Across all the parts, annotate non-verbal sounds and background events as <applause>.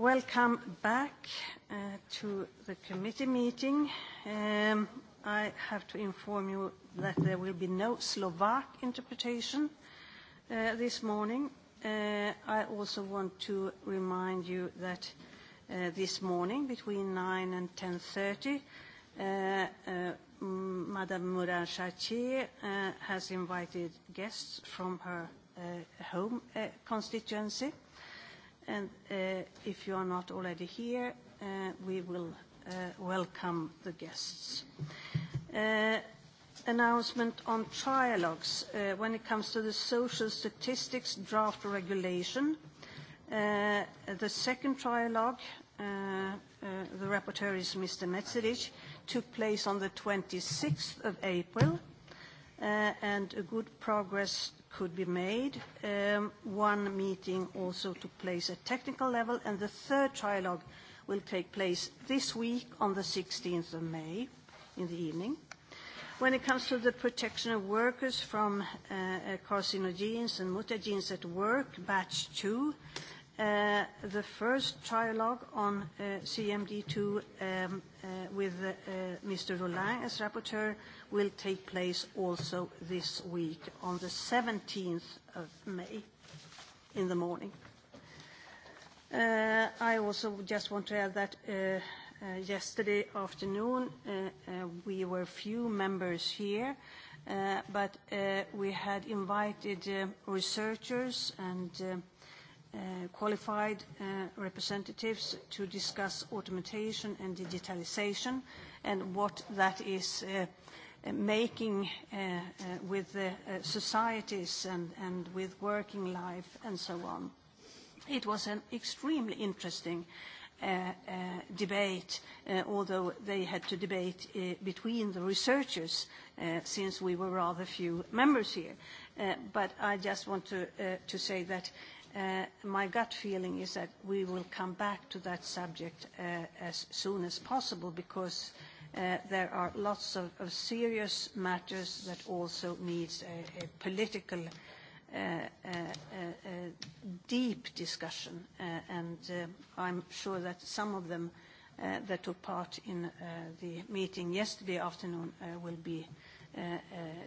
Welcome back uh, to the committee meeting. Um, I have to inform you that there will be no Slovak interpretation uh, this morning. Uh, I also want to remind you that uh, this morning between 9 and 10:30, uh, uh, Madame Morin-Chartier has invited guests from her home constituency and uh, if you are not already here, uh, we will uh, welcome the guests. Uh, announcement on trialogues. when it comes to the social statistics draft regulation, the second trialogue, the rapporteur is Mr. Metsedic, took place on the 26th of April, and a good progress could be made. Um, one meeting also took place at technical level, and the third trilogue will take place this week on the 16th of May in the evening. When it comes to the protection of workers from uh, carcinogens and mutagens at work, batch two, Uh, the first trilogue on uh, CMD2 um, uh, with uh, Mr. Rolland as rapporteur will take place also this week on the 17th of May in the morning. Uh, I also just want to add that uh, yesterday afternoon, we were few members here, but we had invited researchers and Uh, qualified uh, representatives to discuss automation and digitalization and what that is uh, uh, making with the societies and, and with working life and so on. It was an extremely interesting uh, uh, debate, uh, although they had to debate uh, between the researchers uh, since we were rather few members here. Uh, but I just want to, uh, to say that Uh, my gut feeling is that we will come back to that subject uh, as soon as possible because uh, there are lots of, serious matters that also needs a, political uh, uh, uh, deep discussion. and I'm sure that some of them that took part in the meeting yesterday afternoon will be Uh, uh,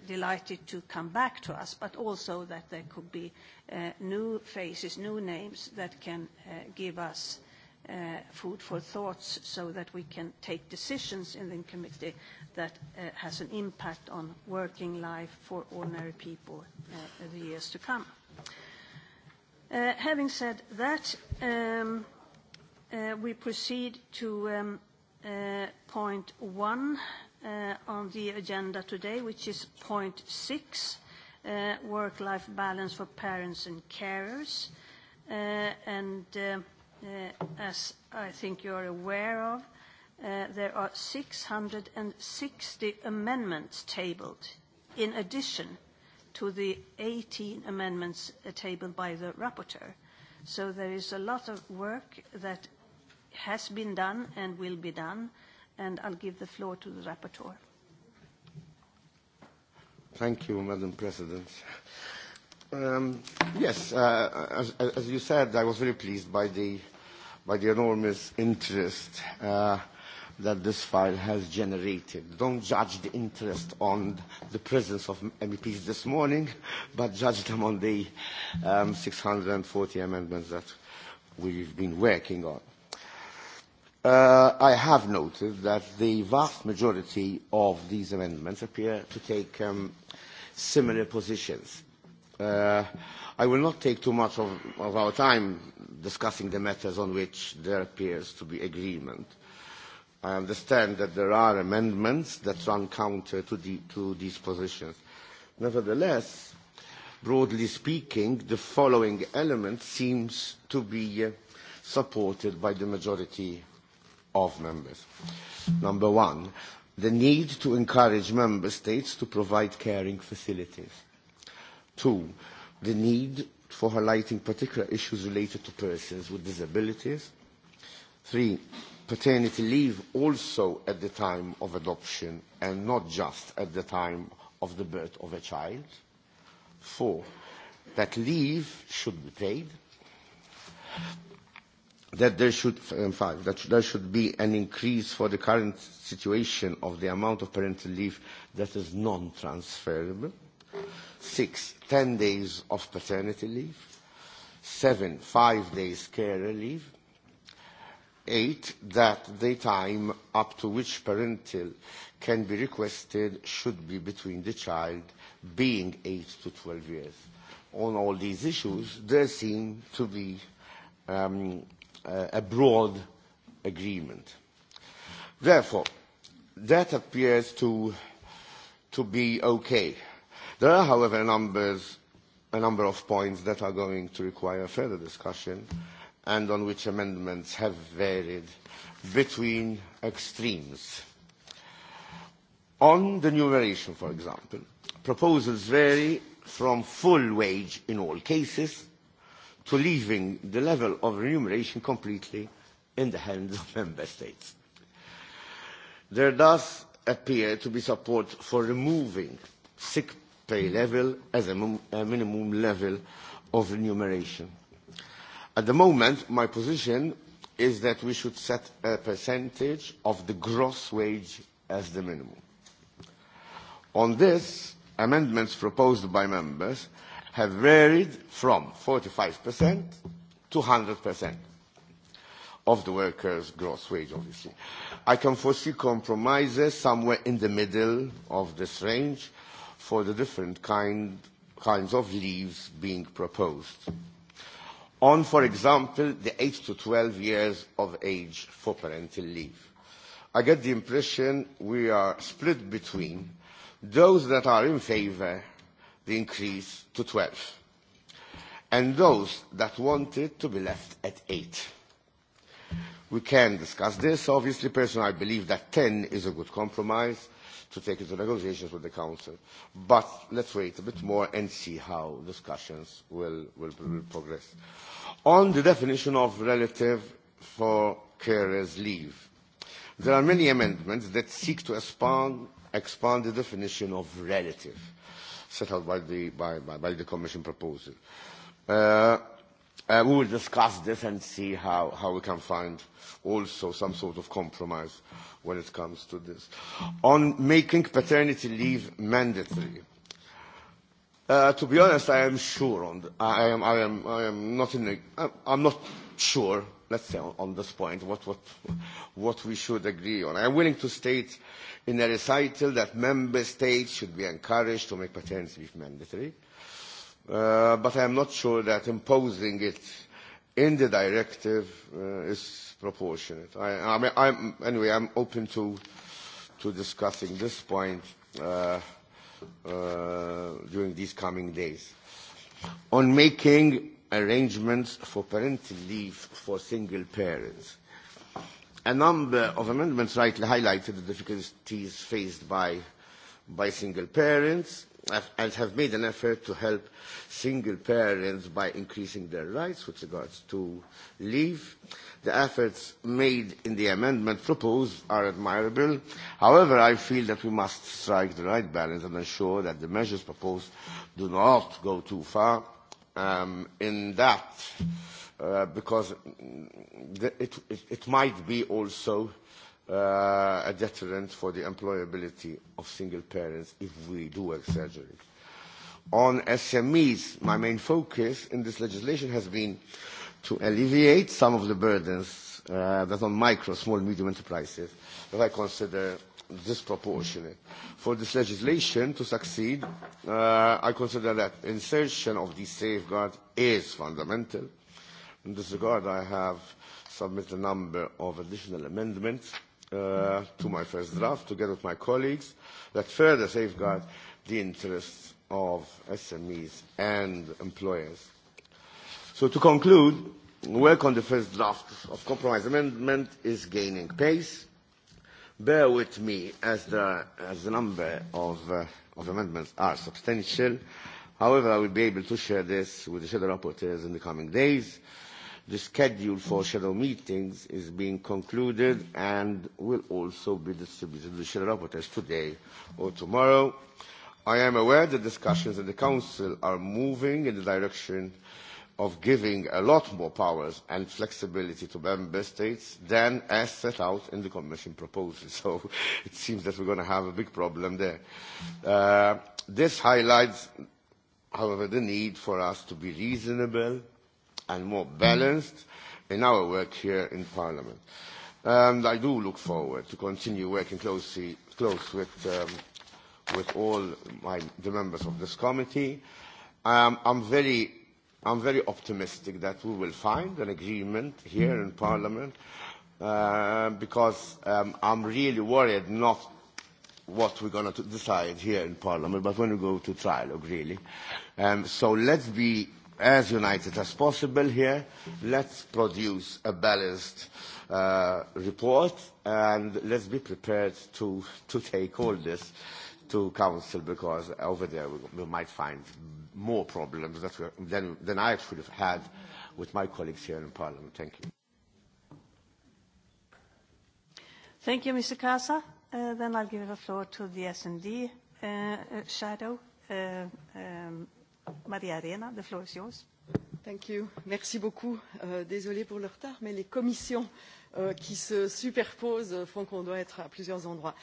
delighted to come back to us, but also that there could be uh, new faces, new names that can give us food for thoughts so that we can take decisions in the committee that has an impact on working life for ordinary people in the years to come. having said that, um, we proceed to um, point one, uh, on the agenda today, which is point six, uh, work-life balance for parents and carers. Uh, and uh, uh, as I think you're aware of, uh, there are 660 amendments tabled in addition to the 18 amendments uh, tabled by the rapporteur. So there is a lot of work that has been done and will be done, uh, and I'll give the floor to the rapporteur. Thank you, Madam President. Um, yes, uh, as, as you said, I was very pleased by the, by the enormous interest uh, that this file has generated. Don't judge the interest on the presence of MEPs this morning, but judge them on the um, 640 amendments that we've been working on. Uh, I have noted that the vast majority of these amendments appear to take um, similar positions. Uh, I will not take too much of, of our time discussing the matters on which there appears to be agreement. I understand that there are amendments that run counter to, the, to these positions. Nevertheless, broadly speaking, the following element seems to be uh, supported by the majority of members. Number one, the need to encourage member states to provide caring facilities. Two, the need for highlighting particular issues related to persons with disabilities. Three, paternity leave also at the time of adoption and not just at the time of the birth of a child. Four, that leave should be paid that there should um, five that there should be an increase for the current situation of the amount of parental leave that is non-transferable. Six, ten days of paternity leave. Seven, five days care leave. Eight, that the time up to which parental can be requested should be between the child being eight to twelve years. On all these issues, there seem to be um, uh, a broad agreement. Therefore, that appears to, to be okay. There are, however, numbers, a number of points that are going to require further discussion and on which amendments have varied between extremes. On the numeration, for example, proposals vary from full wage in all cases to leaving the level of remuneration completely in the hands of <laughs> member states. There does appear to be support for removing sick pay level as a, a minimum level of remuneration. At the moment, my position is that we should set a percentage of the gross wage as the minimum. On this, amendments proposed by members have varied from 45% to 100% of the worker's gross wage, obviously. I can foresee compromises somewhere in the middle of this range for the different kind, kinds of leaves being proposed. On, for example, the 8 to 12 years of age for parental leave. I get the impression we are split between those that are in favour the increase to 12, and those that wanted to be left at 8. We can discuss this. Obviously, personally, I believe that 10 is a good compromise to take into negotiations with the Council. But let's wait a bit more and see how discussions will, will, will progress. On the definition of relative for carers' leave, there are many amendments that seek to expand, expand the definition of relative set out by the, by, by, by the Commission proposal. Uh, uh, we will discuss this and see how, how we can find also some sort of compromise when it comes to this. On making paternity leave mandatory, uh, to be honest, I am sure on the, I, am, I, am, I am not in a, I'm not sure, let's say, on, this point, what, what, what we should agree on. I'm willing to state in a recital that member states should be encouraged to make paternity leave mandatory, uh, but I'm not sure that imposing it in the directive uh, is proportionate. I, I mean, I'm, anyway, I'm open to, to discussing this point uh, uh, during these coming days. On making arrangements for parental leave for single parents. A number of amendments rightly highlighted the difficulties faced by, by single parents and have made an effort to help single parents by increasing their rights with regards to leave. The efforts made in the amendment proposed are admirable. However, I feel that we must strike the right balance and ensure that the measures proposed do not go too far um, in that uh, because the, it, it, it might be also uh, a deterrent for the employability of single parents if we do work surgery. On SMEs, my main focus in this legislation has been to alleviate some of the burdens uh, that on micro, small, medium enterprises that I consider disproportionate. For this legislation to succeed, uh, I consider that insertion of these safeguards is fundamental. In this regard, I have submitted a number of additional amendments uh, to my first draft, together with my colleagues, that further safeguard the interests of SMEs and employers. So to conclude, work on the first draft of compromise amendment is gaining pace bear with me as the, as the number of, uh, of amendments are substantial. However, I will be able to share this with the shadow rapporteurs in the coming days. The schedule for shadow meetings is being concluded and will also be distributed to the shadow rapporteurs today or tomorrow. I am aware that discussions in the Council are moving in the direction of giving a lot more powers and flexibility to member states than as set out in the Commission proposal. <laughs> So it seems that we're going to have a big problem there. Uh, this highlights, however, the need for us to be reasonable and more balanced in our work here in Parliament. And I do look forward to continue working closely close with, um, with all my, the members of this committee. Um, I'm very I'm very optimistic that we will find an agreement here in Parliament uh, because um, I'm really worried not what we're going to decide here in Parliament, but when we go to trialogue, really. Um, so let's be as united as possible here. Let's produce a balanced uh, report and let's be prepared to, to take all this to Council because over there we, we might find more problems that were, than, than I should have had with my colleagues here in Parliament. Thank you. Thank you, Mr. Casa. Uh, then I'll give the floor to the S&D uh, uh, shadow, uh, um, Maria Arena. The floor is yours. Thank you. Merci beaucoup. Uh, désolé pour le retard, mais les commissions Euh, qui se superposent font qu'on doit être à plusieurs endroits.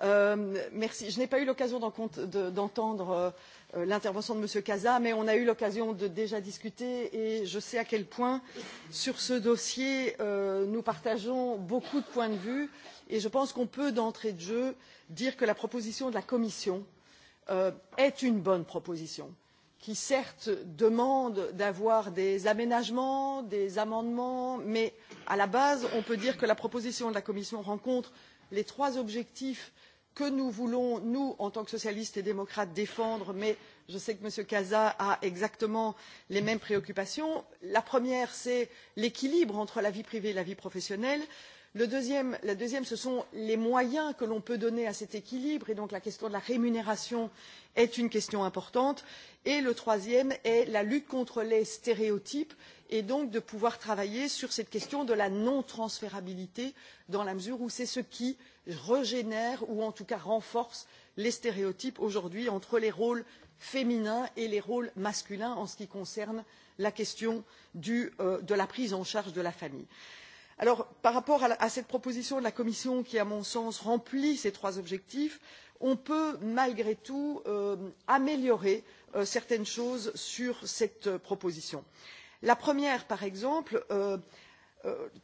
Euh, merci. je n'ai pas eu l'occasion d'entendre euh, l'intervention de m. casa mais on a eu l'occasion de déjà discuter et je sais à quel point sur ce dossier euh, nous partageons beaucoup de points de vue et je pense qu'on peut d'entrée de jeu dire que la proposition de la commission euh, est une bonne proposition qui certes demandent d'avoir des aménagements des amendements mais à la base on peut dire que la proposition de la commission rencontre les trois objectifs que nous voulons nous en tant que socialistes et démocrates défendre mais je sais que m. casa a exactement les mêmes préoccupations. la première c'est l'équilibre entre la vie privée et la vie professionnelle la deuxième ce sont les moyens que l'on peut donner à cet équilibre et donc la question de la rémunération est une question importante et le troisième est la lutte contre les stéréotypes et donc de pouvoir travailler sur cette question de la non transférabilité dans la mesure où c'est ce qui régénère ou en tout cas renforce les stéréotypes aujourd'hui entre les rôles féminins et les rôles masculins en ce qui concerne la question euh, de la prise en charge de la famille. Alors, par rapport à, cette proposition de la commission qui à mon sens remplit ces trois objectifs on peut malgré tout euh, améliorer euh, certaines choses sur cette euh, proposition. la première par exemple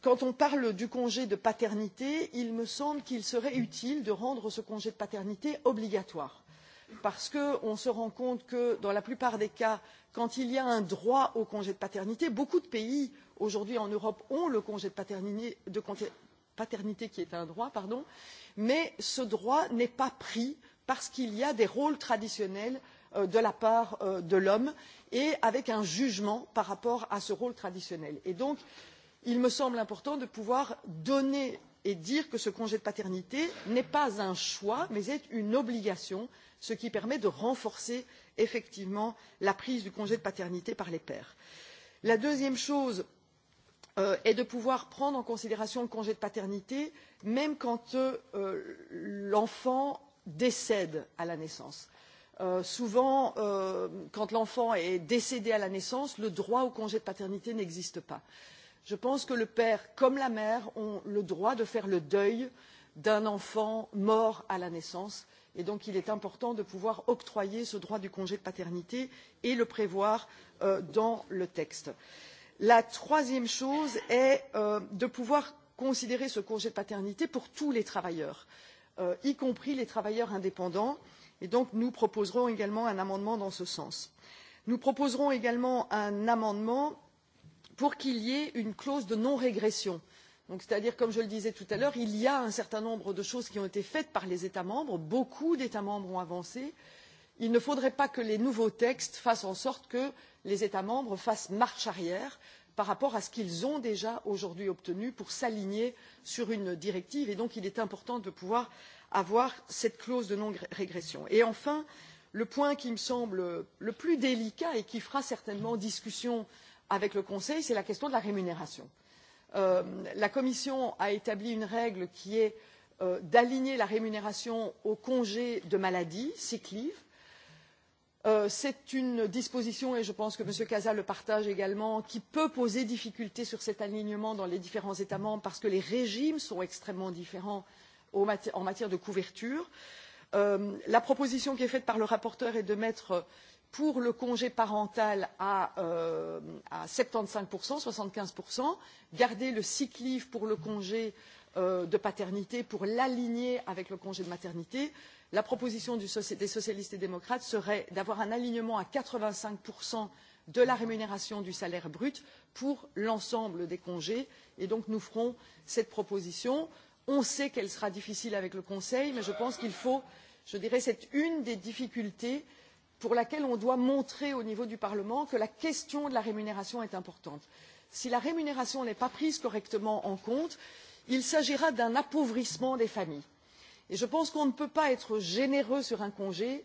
quand on parle du congé de paternité il me semble qu'il serait utile de rendre ce congé de paternité obligatoire parce qu'on se rend compte que dans la plupart des cas quand il y a un droit au congé de paternité beaucoup de pays aujourd'hui en europe ont le congé de paternité, qui est un droit mais ce droit n'est pas pris parce qu'il y a des rôles traditionnels euh, de la part euh, de l'homme et avec un jugement par rapport à ce rôle traditionnel. Et donc, il me semble important de pouvoir donner et dire que ce congé de paternité n'est pas un choix mais est une obligation ce qui permet de renforcer effectivement la prise du congé de paternité par les pères. la deuxième chose Euh, est de pouvoir prendre en considération le congé de paternité même quand euh, l'enfant décède à la naissance. Euh, souvent quand l'enfant est décédé à la naissance le droit au congé de paternité n'existe pas. je pense que le père comme la mère ont le droit de faire le deuil d'un enfant mort à la naissance et donc il est important de pouvoir octroyer ce droit du congé de paternité et le prévoir dans le texte la troisième chose est euh, de pouvoir considérer ce congé de paternité pour tous les travailleurs euh, y compris les travailleurs indépendants et donc nous proposerons également un amendement dans ce sens. nous proposerons également un amendement pour qu'il y ait une clause de non régression c'est à dire comme je le disais tout à l'heure il y a un certain nombre de choses qui ont été faites par les états membres beaucoup d'états membres ont avancé et il ne faudrait pas que les nouveaux textes fassent en sorte que les états membres fassent marche arrière par rapport à ce qu'ils ont déjà aujourd'hui obtenu pour s'aligner sur une directive et donc il est important de pouvoir avoir cette clause de non régression. enfin le point qui me semble le plus délicat et qui fera certainement discussion avec le conseil c'est la question de la rémunération. Euh, la commission a établi une règle qui est euh, d'aligner la rémunération au congé de maladie sick leave Euh, c'est une disposition et je pense que m. casa le partage également qui peut poser difficulté sur cet alignement dans les différents états membres parce que les régimes sont extrêmement différents en matière de couverture. Euh, la proposition qui est faite par le rapporteur est de mettre pour le congé parental à soixante euh, quinze soixante quinze garder le sick leave pour le congé Euh, de paternité pour l'aligner avec le congé de maternité la proposition des socialistes et démocrates serait d'avoir un alignement à quatre vingt cinq de la rémunération du salaire brut pour l'ensemble des congés et donc nous ferons cette proposition. on sait qu'elle sera difficile avec le conseil mais je pense qu'il faut je dirais c'est une des difficultés pour laquelle on doit montrer au niveau du parlement que la question de la rémunération est importante. si la rémunération n'est pas prise correctement en compte il s'agira d'un appauvrissement des familles et je pense qu'on ne peut pas être généreux sur un congé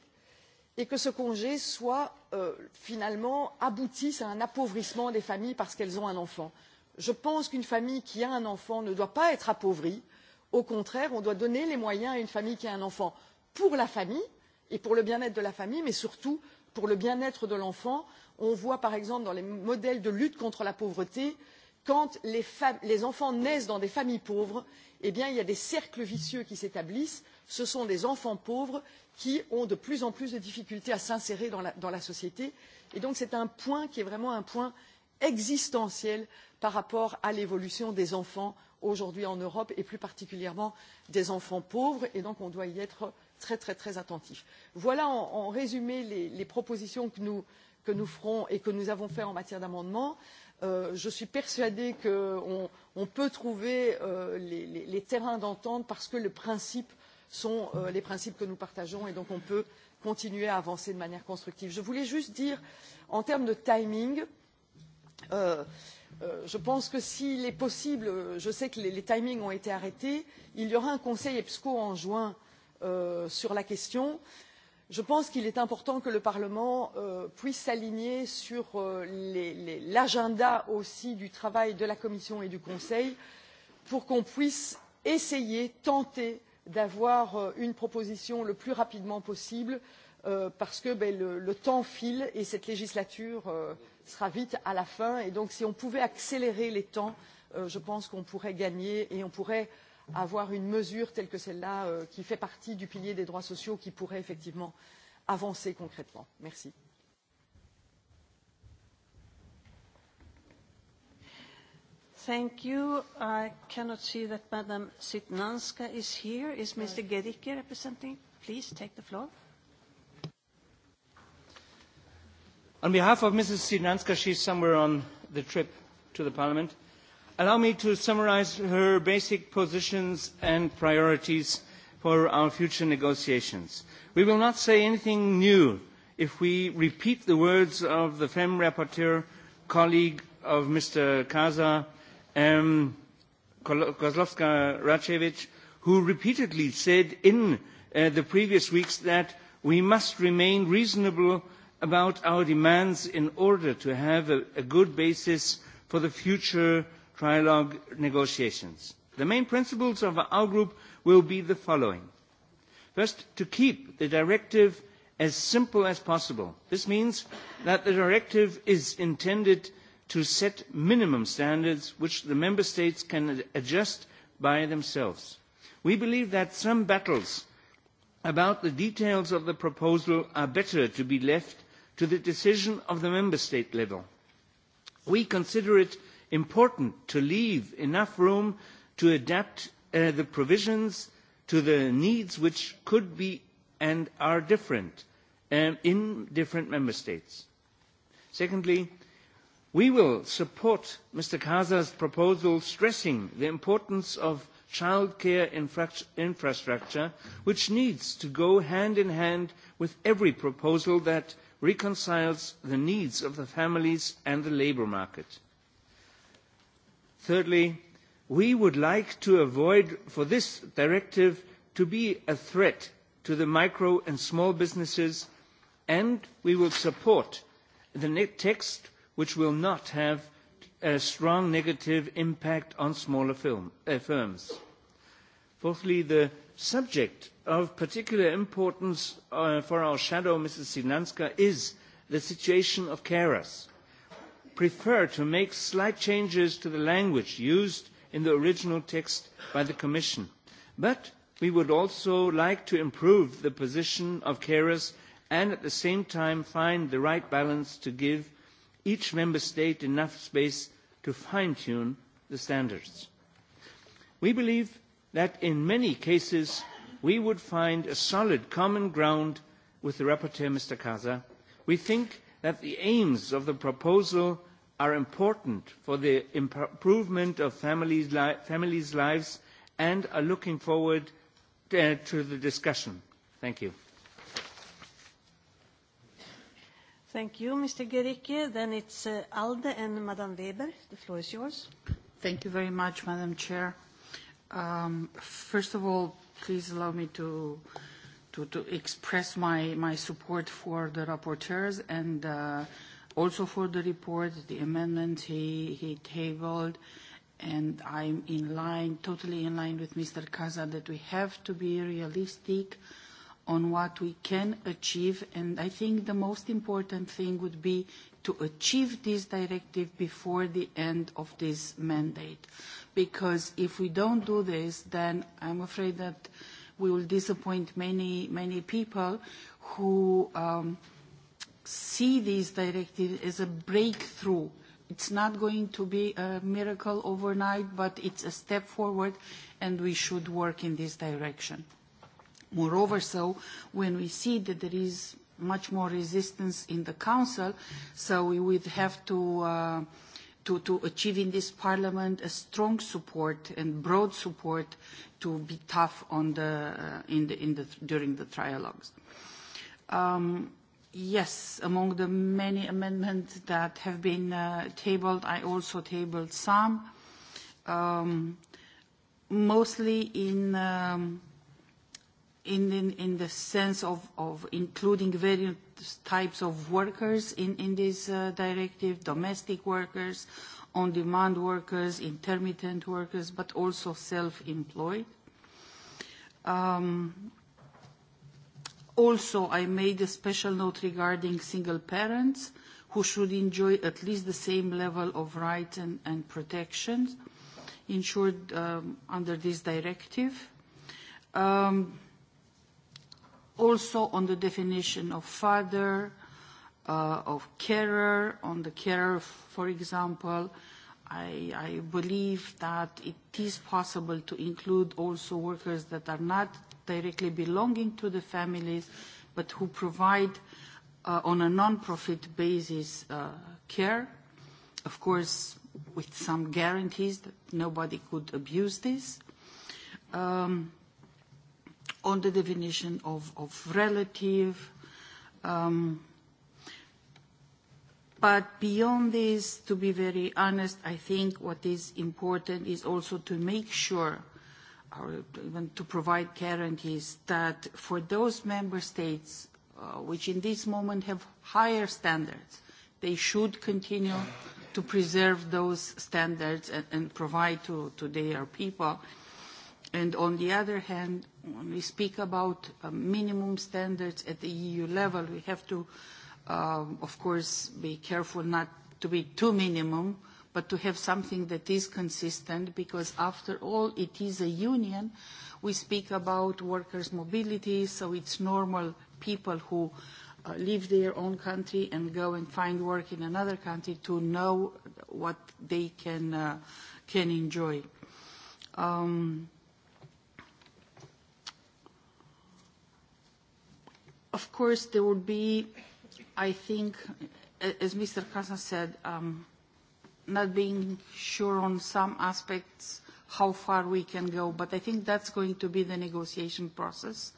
et que ce congé euh, finalement aboutisse à un appauvrissement des familles parce qu'elles ont un enfant. je pense qu'une famille qui a un enfant ne doit pas être appauvrie au contraire on doit donner les moyens à une famille qui a un enfant pour la famille et pour le bien être de la famille mais surtout pour le bien être de l'enfant. on voit par exemple dans les modèles de lutte contre la pauvreté quand les, enfants naissent dans des familles pauvres eh il y a des cercles vicieux qui s'établissent ce sont des enfants pauvres qui ont de plus en plus de difficultés à s'insérer dans, la société et donc c'est un point qui est vraiment un point existentiel par rapport à l'évolution des enfants aujourd'hui en europe et plus particulièrement des enfants pauvres et donc on doit y être très très très attentif. voilà en, résumé les, propositions que nous ferons et que nous avons faites en matière d'amendements. Euh, je suis persuadée qu'on peut trouver euh, les, terrains d'entente parce que les principes sont euh, les principes que nous partageons et donc on peut continuer à avancer de manière constructive. je voulais juste dire en termes de timing je pense que s'il est possible je sais que les, timings ont été arrêtés il y aura un conseil epsco en juin sur la question et je pense qu'il est important que le parlement euh, puisse s'aligner sur euh, l'agenda aussi du travail de la commission et du conseil pour qu'on puisse essayer tenter d'avoir euh, une proposition le plus rapidement possible parce que le, le temps file et cette législature sera vite à la fin et donc si on pouvait accélérer les temps je pense qu'on pourrait gagner et on pourrait avoir une mesure telle que celle là euh, qui fait partie du pilier des droits sociaux qui pourrait effectivement avancer concrètement. merci. Thank you. I cannot see that Madam Sitnanska is here. Is Mr. Gedicke representing? Please take the floor. On behalf of Mrs. Sitnanska, she's somewhere on the trip to the Parliament. Allow me to summarise her basic positions and priorities for our future negotiations. We will not say anything new if we repeat the words of the FEM rapporteur, colleague of Mr. Kaza, um, Kozlovska Racevich, who repeatedly said in uh, the previous weeks that we must remain reasonable about our demands in order to have a, a good basis for the future trilogue negotiations. The main principles of our group will be the following. First, to keep the directive as simple as possible. This means that the directive is intended to set minimum standards which the member states can adjust by themselves. We believe that some battles about the details of the proposal are better to be left to the decision of the member state level. We consider it important to leave enough room to adapt uh, the provisions to the needs which could be and are different um, in different member states. Secondly, we will support Mr. Casa's proposal stressing the importance of childcare infra infrastructure, which needs to go hand in hand with every proposal that reconciles the needs of the families and the labour market Thirdly, we would like to avoid for this directive to be a threat to the micro and small businesses and we will support the text which will not have a strong negative impact on smaller film, uh, firms. Fourthly, the subject of particular importance uh, for our shadow, Ms Sinanska, is the situation of carers prefer to make slight changes to the language used in the original text by the Commission. But we would also like to improve the position of carers and at the same time find the right balance to give each member state enough space to fine-tune the standards. We believe that in many cases we would find a solid common ground with the rapporteur, Mr. Casa. We think that the aims of the proposal are important for the improvement of families', li families lives and are looking forward to, uh, to the discussion. Thank you. Thank you, Mr. Gericke. Then it's uh, Alde and Weber. The floor is yours. Thank you very much, Madam Chair. Um, first of all, please allow me to uh, to, express my, my support for the rapporteurs and uh, also for the report, the amendments he, he tabled, and I'm in line, totally in line with Mr. Casa that we have to be realistic on what we can achieve. And I think the most important thing would be to achieve this directive before the end of this mandate. Because if we don't do this, then I'm afraid that we will disappoint many, many people who um, see this directive as a breakthrough. It's not going to be a miracle overnight, but it's a step forward, and we should work in this direction. Moreover, so when we see that there is much more resistance in the Council, so we would have to uh, to, to achieve in this parliament a strong support and broad support to be tough on the, uh, in the, in the, during the trialogues. Um, yes, among the many amendments that have been uh, tabled, I also tabled some, um, mostly in, um, in, in, in the sense of, of including variant types of workers in, in this uh, directive, domestic workers, on-demand workers, intermittent workers, but also self-employed. Um, also, I made a special note regarding single parents who should enjoy at least the same level of rights and, and protections ensured um, under this directive. Um, also on the definition of father, uh, of carer, on the carer, for example. I, I believe that it is possible to include also workers that are not directly belonging to the families, but who provide uh, on a non-profit basis uh, care. Of course, with some guarantees that nobody could abuse this. Um, on the definition of, of relative. Um, but beyond this, to be very honest, I think what is important is also to make sure or even to provide guarantees that for those member states uh, which in this moment have higher standards, they should continue to preserve those standards and, and provide to, to their people And on the other hand, when we speak about uh, minimum standards at the EU level, we have to, uh, of course, be careful not to be too minimum, but to have something that is consistent, because after all, it is a union. We speak about workers' mobility, so it's normal people who uh, leave their own country and go and find work in another country to know what they can, uh, can enjoy. Um, of course, there would be, I think, as Mr. Kasa said, um, not being sure on some aspects how far we can go, but I think that's going to be the negotiation process.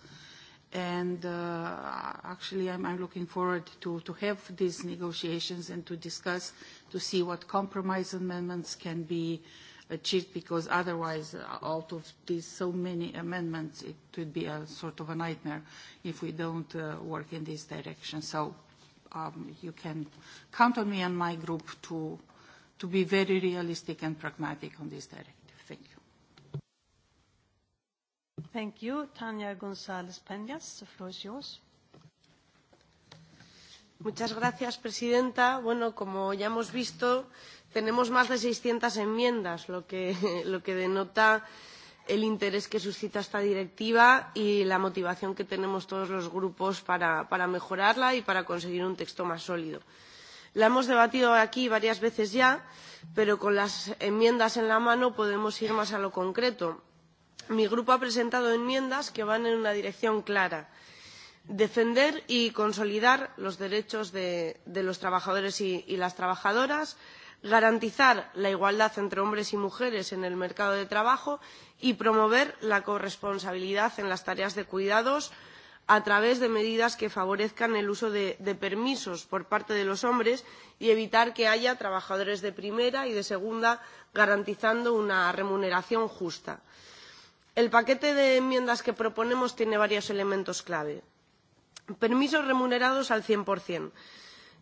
And uh, actually, I'm, I'm looking forward to, to have these negotiations and to discuss, to see what compromise amendments can be uh, achieved because otherwise uh, out of these so many amendments it would be a sort of a nightmare if we don't uh, work in this direction. So um, you can count on me and my group to, to be very realistic and pragmatic on this directive. Thank you. Thank you. tanya gonzalez Peñas, the floor is yours. Muchas gracias, Presidenta. Bueno, como ya hemos visto, tenemos más de 600 enmiendas, lo que, <laughs> lo que denota el interés que suscita esta directiva y la motivación que tenemos todos los grupos para, para mejorarla y para conseguir un texto más sólido. La hemos debatido aquí varias veces ya, pero con las enmiendas en la mano podemos ir más a lo concreto. Mi grupo ha presentado enmiendas que van en una dirección clara defender y consolidar los derechos de, de los trabajadores y, y las trabajadoras, garantizar la igualdad entre hombres y mujeres en el mercado de trabajo y promover la corresponsabilidad en las tareas de cuidados a través de medidas que favorezcan el uso de, de permisos por parte de los hombres y evitar que haya trabajadores de primera y de segunda garantizando una remuneración justa. El paquete de enmiendas que proponemos tiene varios elementos clave. Permisos remunerados al 100%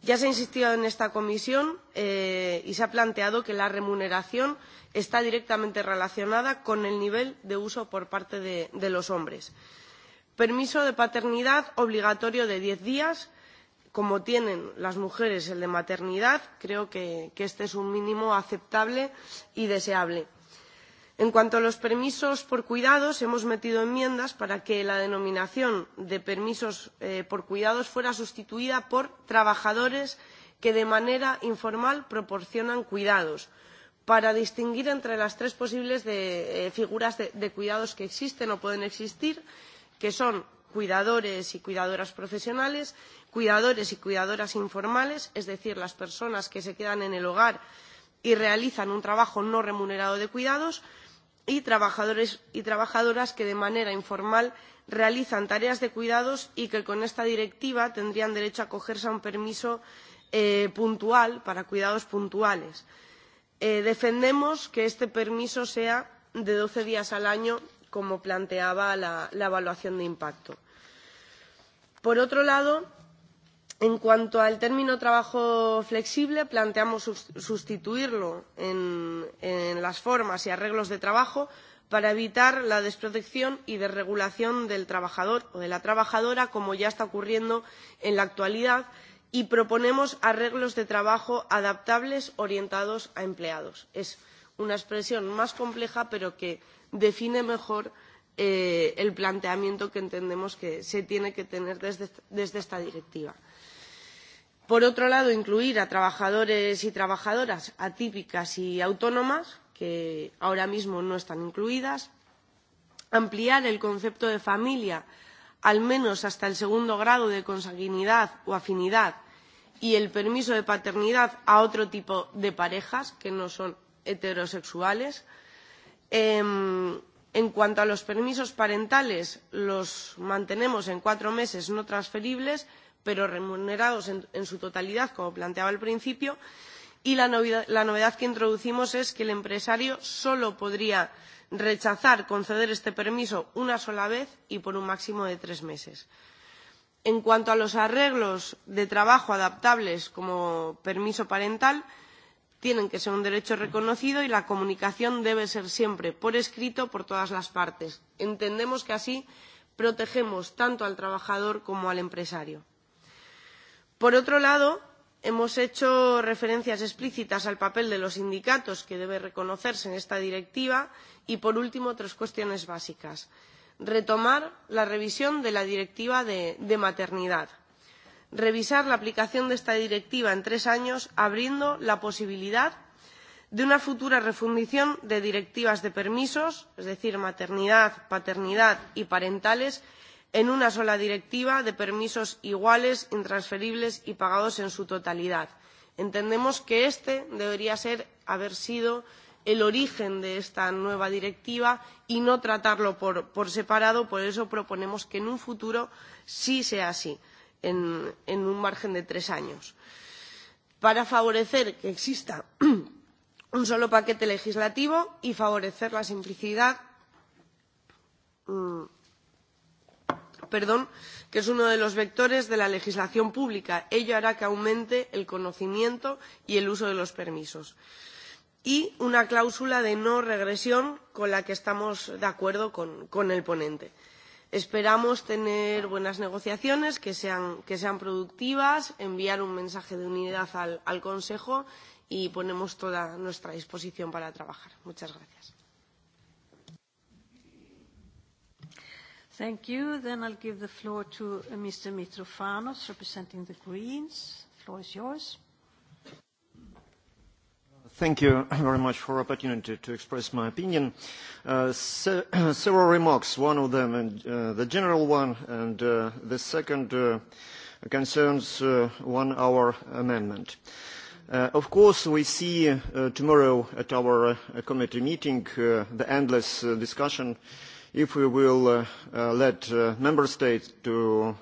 ya se ha insistido en esta comisión eh, y se ha planteado que la remuneración está directamente relacionada con el nivel de uso por parte de, de los hombres. permiso de paternidad obligatorio de diez días como tienen las mujeres el de maternidad creo que, que este es un mínimo aceptable y deseable en cuanto a los permisos por cuidados hemos metido enmiendas para que la denominación de permisos eh, por cuidados fuera sustituida por trabajadores que de manera informal proporcionan cuidados para distinguir entre las tres posibles de, eh, figuras de, de cuidados que existen o pueden existir que son cuidadores y cuidadoras profesionales cuidadores y cuidadoras informales es decir las personas que se quedan en el hogar y realizan un trabajo no remunerado de cuidados y y trabajadores y trabajadoras que de manera informal realizan tareas de cuidados y que con esta directiva tendrían derecho a acogerse a un permiso eh, puntual para cuidados puntuales. Eh, defendemos que este permiso sea de doce días al año como planteaba la, la evaluación de impacto. por otro lado En cuanto al término trabajo flexible, planteamos sustituirlo en, en las formas y arreglos de trabajo para evitar la desprotección y desregulación del trabajador o de la trabajadora, como ya está ocurriendo en la actualidad, y proponemos arreglos de trabajo adaptables orientados a empleados. Es una expresión más compleja, pero que define mejor eh, el planteamiento que entendemos que se tiene que tener desde, desde esta directiva por otro lado incluir a trabajadores y trabajadoras atípicas y autónomas que ahora mismo no están incluidas ampliar el concepto de familia al menos hasta el segundo grado de consanguinidad o afinidad y el permiso de paternidad a otro tipo de parejas que no son heterosexuales. en cuanto a los permisos parentales, los mantenemos en cuatro meses no transferibles pero remunerados en, en su totalidad, como planteaba al principio, y la novedad, la novedad que introducimos es que el empresario solo podría rechazar conceder este permiso una sola vez y por un máximo de tres meses. En cuanto a los arreglos de trabajo adaptables como permiso parental, tienen que ser un derecho reconocido y la comunicación debe ser siempre por escrito por todas las partes. Entendemos que así protegemos tanto al trabajador como al empresario por otro lado hemos hecho referencias explícitas al papel de los sindicatos que debe reconocerse en esta directiva y por último tres cuestiones básicas retomar la revisión de la directiva de, de maternidad revisar la aplicación de esta directiva en tres años abriendo la posibilidad de una futura refundición de directivas de permisos es decir maternidad paternidad y parentales en una sola directiva de permisos iguales intransferibles y pagados en su totalidad. entendemos que este debería ser, haber sido el origen de esta nueva directiva y no tratarlo por, por separado por eso proponemos que en un futuro sí sea así en, en un margen de tres años. para favorecer que exista <clears throat> un solo paquete legislativo y favorecer la simplicidad mmm, Perdón, que es uno de los vectores de la legislación pública. Ello hará que aumente el conocimiento y el uso de los permisos. Y una cláusula de no regresión con la que estamos de acuerdo con, con el ponente. Esperamos tener buenas negociaciones, que sean, que sean productivas, enviar un mensaje de unidad al, al Consejo y ponemos toda nuestra disposición para trabajar. Muchas gracias. Thank you. Then I'll give the floor to uh, Mr. Mitrofanos, representing the Greens. The floor is yours. Thank you very much for the opportunity to express my opinion. Uh, <clears throat> several remarks, one of them, and uh, the general one, and the second concerns one-hour amendment. of course, we see tomorrow at our committee meeting the endless discussion if we will uh, uh, let uh, member states to,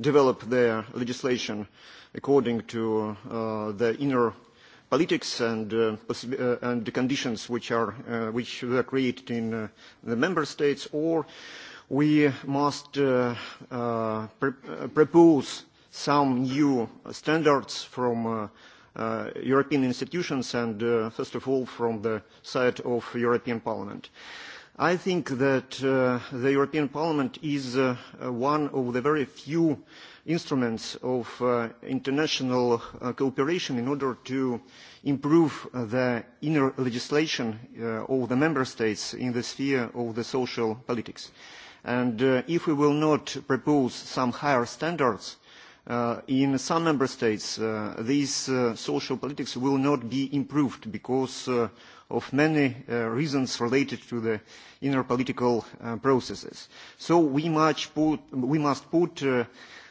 develop their legislation according to the inner politics and, and the conditions which, are, which were created in the member states, or we must propose some new standards from European institutions and, first of all, from the side of European Parliament. I think that uh, the European Parliament is uh, uh, one of the very few instruments of uh, international uh, cooperation in order to improve uh, the inner legislation uh, of the member states in the sphere of the social politics. And uh, if we will not propose some higher standards, uh, in some member states, uh, these uh, social politics will not be improved because uh, of many uh, reasons related to the inner political uh, processes. So we must put, we must put uh,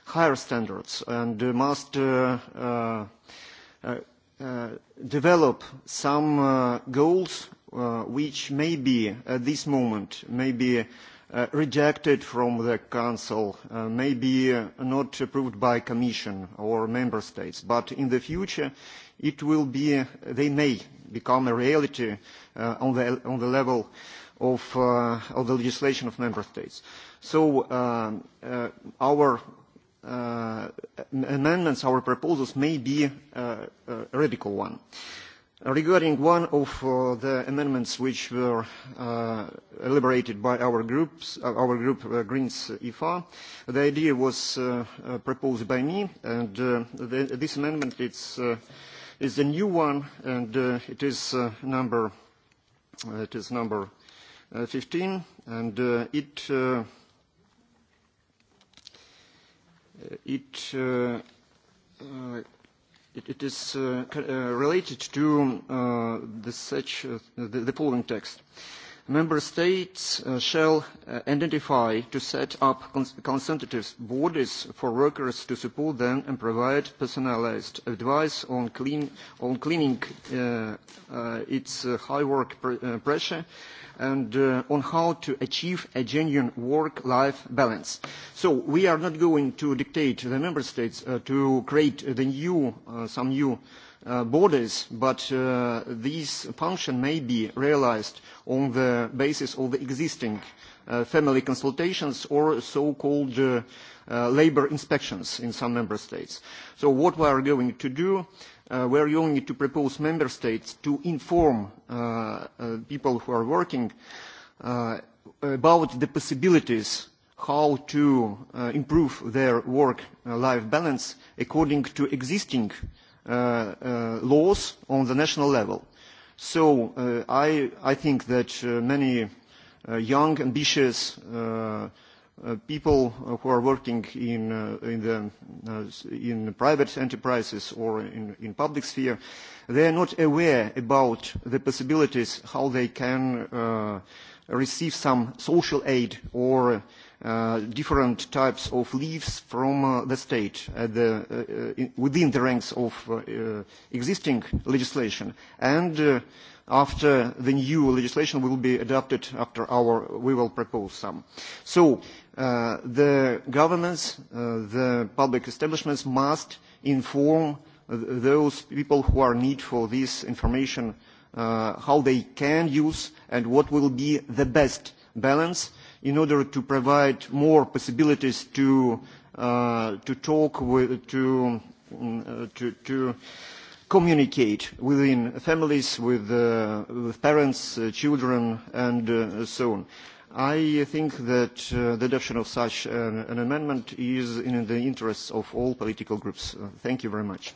higher standards and uh, must uh, uh, uh, develop some uh, goals uh, which may be at this moment may be uh, rejected from the Council, uh, may be uh, not approved by Commission or Member States, but in the future it will be, uh, they may become a reality uh, on, the, on the level of, uh, of the legislation of member states. So um, uh, our uh, amendments, our proposals may be uh, uh a radical one. Regarding one of uh, the amendments which were uh, elaborated by our, groups, uh, our group uh, Greens IFA, the idea was uh, uh, proposed by me, and uh, the, this amendment is uh, is the new one, and uh, it is uh, number uh, it is number uh, 15, and uh, it uh, uh, it, uh, uh, it it is uh, uh, related to uh, the such uh, the, the following text. Uh, member states uh, shall uh, identify to set up cons consultative bodies for workers to support them and provide personalised advice on, clean, on cleaning uh, uh its uh, high work pr uh, pressure and on how to achieve a genuine work-life balance. So we are not going to dictate to the member states to create the new, some new Uh, borders, but uh, these functions may be realised on the basis of the existing uh, family consultations or so-called uh, uh, labour inspections in some member states. So what we are going to do, uh, we are going to propose member states to inform uh, uh, people who are working uh, about the possibilities how to uh, improve their work-life uh, balance according to existing uh, Uh, uh laws on the national level. So uh, I, I think that uh, many young, ambitious Uh, people who are working in, uh, in, the, uh, in private enterprises or in, in public sphere, they are not aware about the possibilities how they can uh, receive some social aid or uh, different types of leaves from uh, the state at the, uh, uh within the ranks of uh, uh, existing legislation. And uh, after the new legislation will be adopted, after our, we will propose some. So uh, the governments, uh, the public establishments must inform uh, those people who are need for this information uh, how they can use and what will be the best balance in order to provide more possibilities to, uh, to talk with, to, uh, to, to communicate within families, with, uh, with parents, uh, children, and uh, so on. I think that uh, the adoption of such an, an amendment is in the interests of all political groups. Uh, thank you very much.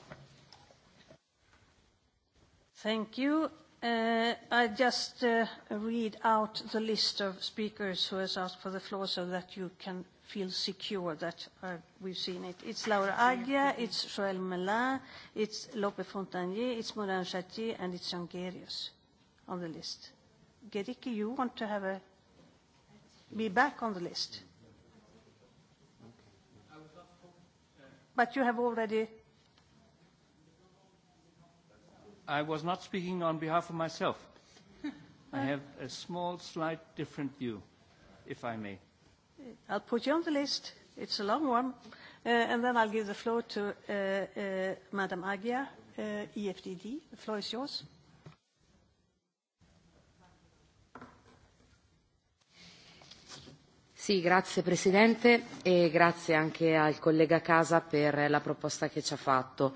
Thank you. Uh, I just uh, read out the list of speakers who has asked for the floor so that you can feel secure that uh, we've seen it. It's Laura Agia, it's Joël Melin, it's Lope Fontanier, it's Morin Chatier, and it's Gerius on the list. Gericke, you want to have a be back on the list? But you have already I was not speaking on behalf of myself. <laughs> I have a small, slight different view, if I may. I'll put you on the list. It's a long one. Uh, and then I'll give the floor to uh, uh, Madam Agia, uh, EFDD. The floor is yours. Sì, grazie Presidente e grazie anche al collega Casa per la proposta che ci ha fatto.